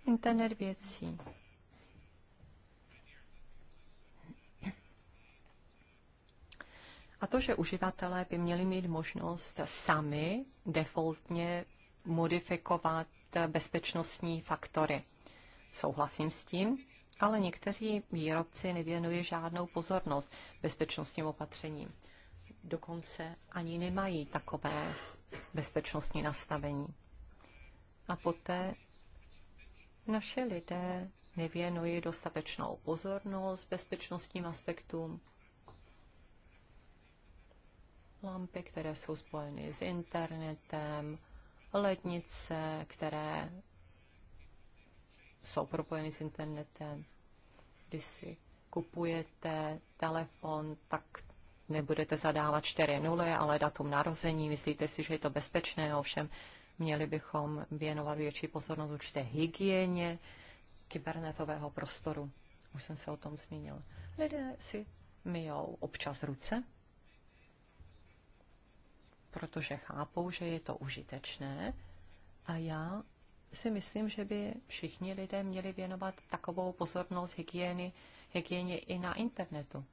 Internet věcí. A to, že uživatelé by měli mít možnost sami defaultně modifikovat bezpečnostní faktory. Souhlasím s tím, ale někteří výrobci nevěnují žádnou pozornost bezpečnostním opatřením. Dokonce ani nemají takové bezpečnostní nastavení. A poté naše lidé nevěnují dostatečnou pozornost bezpečnostním aspektům. Lampy, které jsou spojeny s internetem, lednice, které jsou propojeny s internetem. Když si kupujete telefon, tak nebudete zadávat čtyři nuly, ale datum narození. Myslíte si, že je to bezpečné, ovšem měli bychom věnovat větší pozornost určité hygieně kybernetového prostoru. Už jsem se o tom zmínil. Lidé si myjou občas ruce, protože chápou, že je to užitečné. A já si myslím, že by všichni lidé měli věnovat takovou pozornost hygieny, hygieně i na internetu.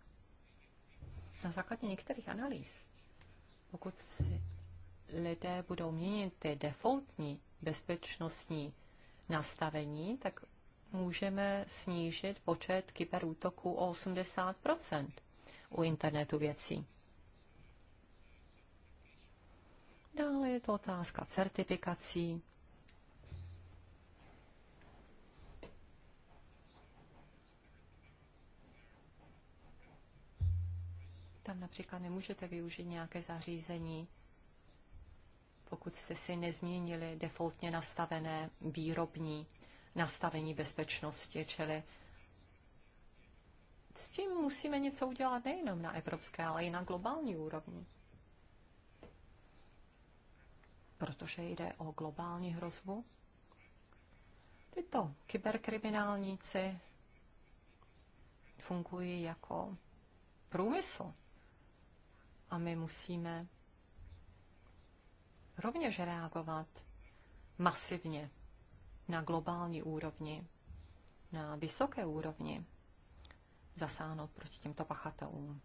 Na základě některých analýz, pokud si lidé budou měnit ty defaultní bezpečnostní nastavení, tak můžeme snížit počet kyberútoků o 80 u internetu věcí. Dále je to otázka certifikací. tam například nemůžete využít nějaké zařízení, pokud jste si nezměnili defaultně nastavené výrobní nastavení bezpečnosti, čili s tím musíme něco udělat nejenom na evropské, ale i na globální úrovni. Protože jde o globální hrozbu. Tyto kyberkriminálníci fungují jako průmysl a my musíme rovněž reagovat masivně na globální úrovni, na vysoké úrovni, zasáhnout proti těmto pachatelům.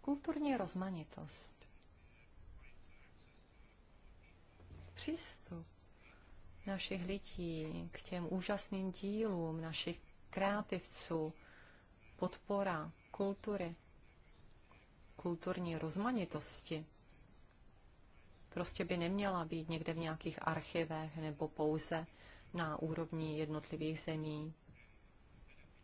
Kulturní rozmanitost. Přístup našich lidí, k těm úžasným dílům našich kreativců, podpora kultury, kulturní rozmanitosti, prostě by neměla být někde v nějakých archivech nebo pouze na úrovni jednotlivých zemí.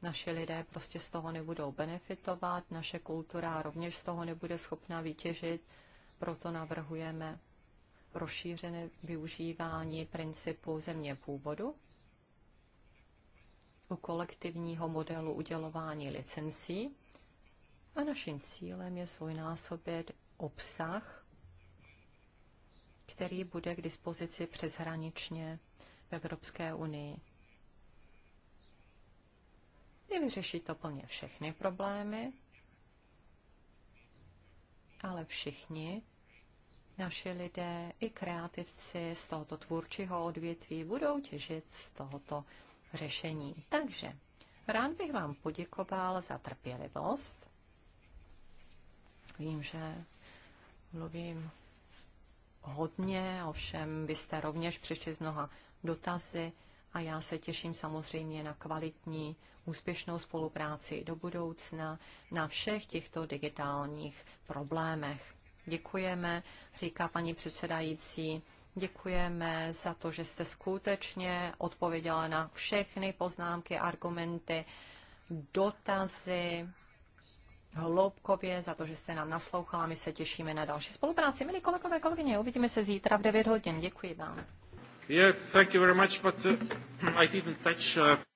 Naše lidé prostě z toho nebudou benefitovat, naše kultura rovněž z toho nebude schopna vytěžit, proto navrhujeme rozšířené využívání principu země původu u kolektivního modelu udělování licencí a naším cílem je zvojnásobit obsah, který bude k dispozici přeshraničně v Evropské unii. Nevyřeší to plně všechny problémy, ale všichni naši lidé i kreativci z tohoto tvůrčího odvětví budou těžit z tohoto řešení. Takže rád bych vám poděkoval za trpělivost. Vím, že mluvím hodně, ovšem vy jste rovněž přišli z mnoha dotazy a já se těším samozřejmě na kvalitní, úspěšnou spolupráci do budoucna na všech těchto digitálních problémech. Děkujeme, říká paní předsedající. Děkujeme za to, že jste skutečně odpověděla na všechny poznámky, argumenty, dotazy, hloubkově, za to, že jste nám naslouchala. My se těšíme na další spolupráci. Milí kolegové, kolegyně, uvidíme se zítra v 9 hodin. Děkuji vám. Yeah, thank you very much, but uh, I didn't touch... Uh...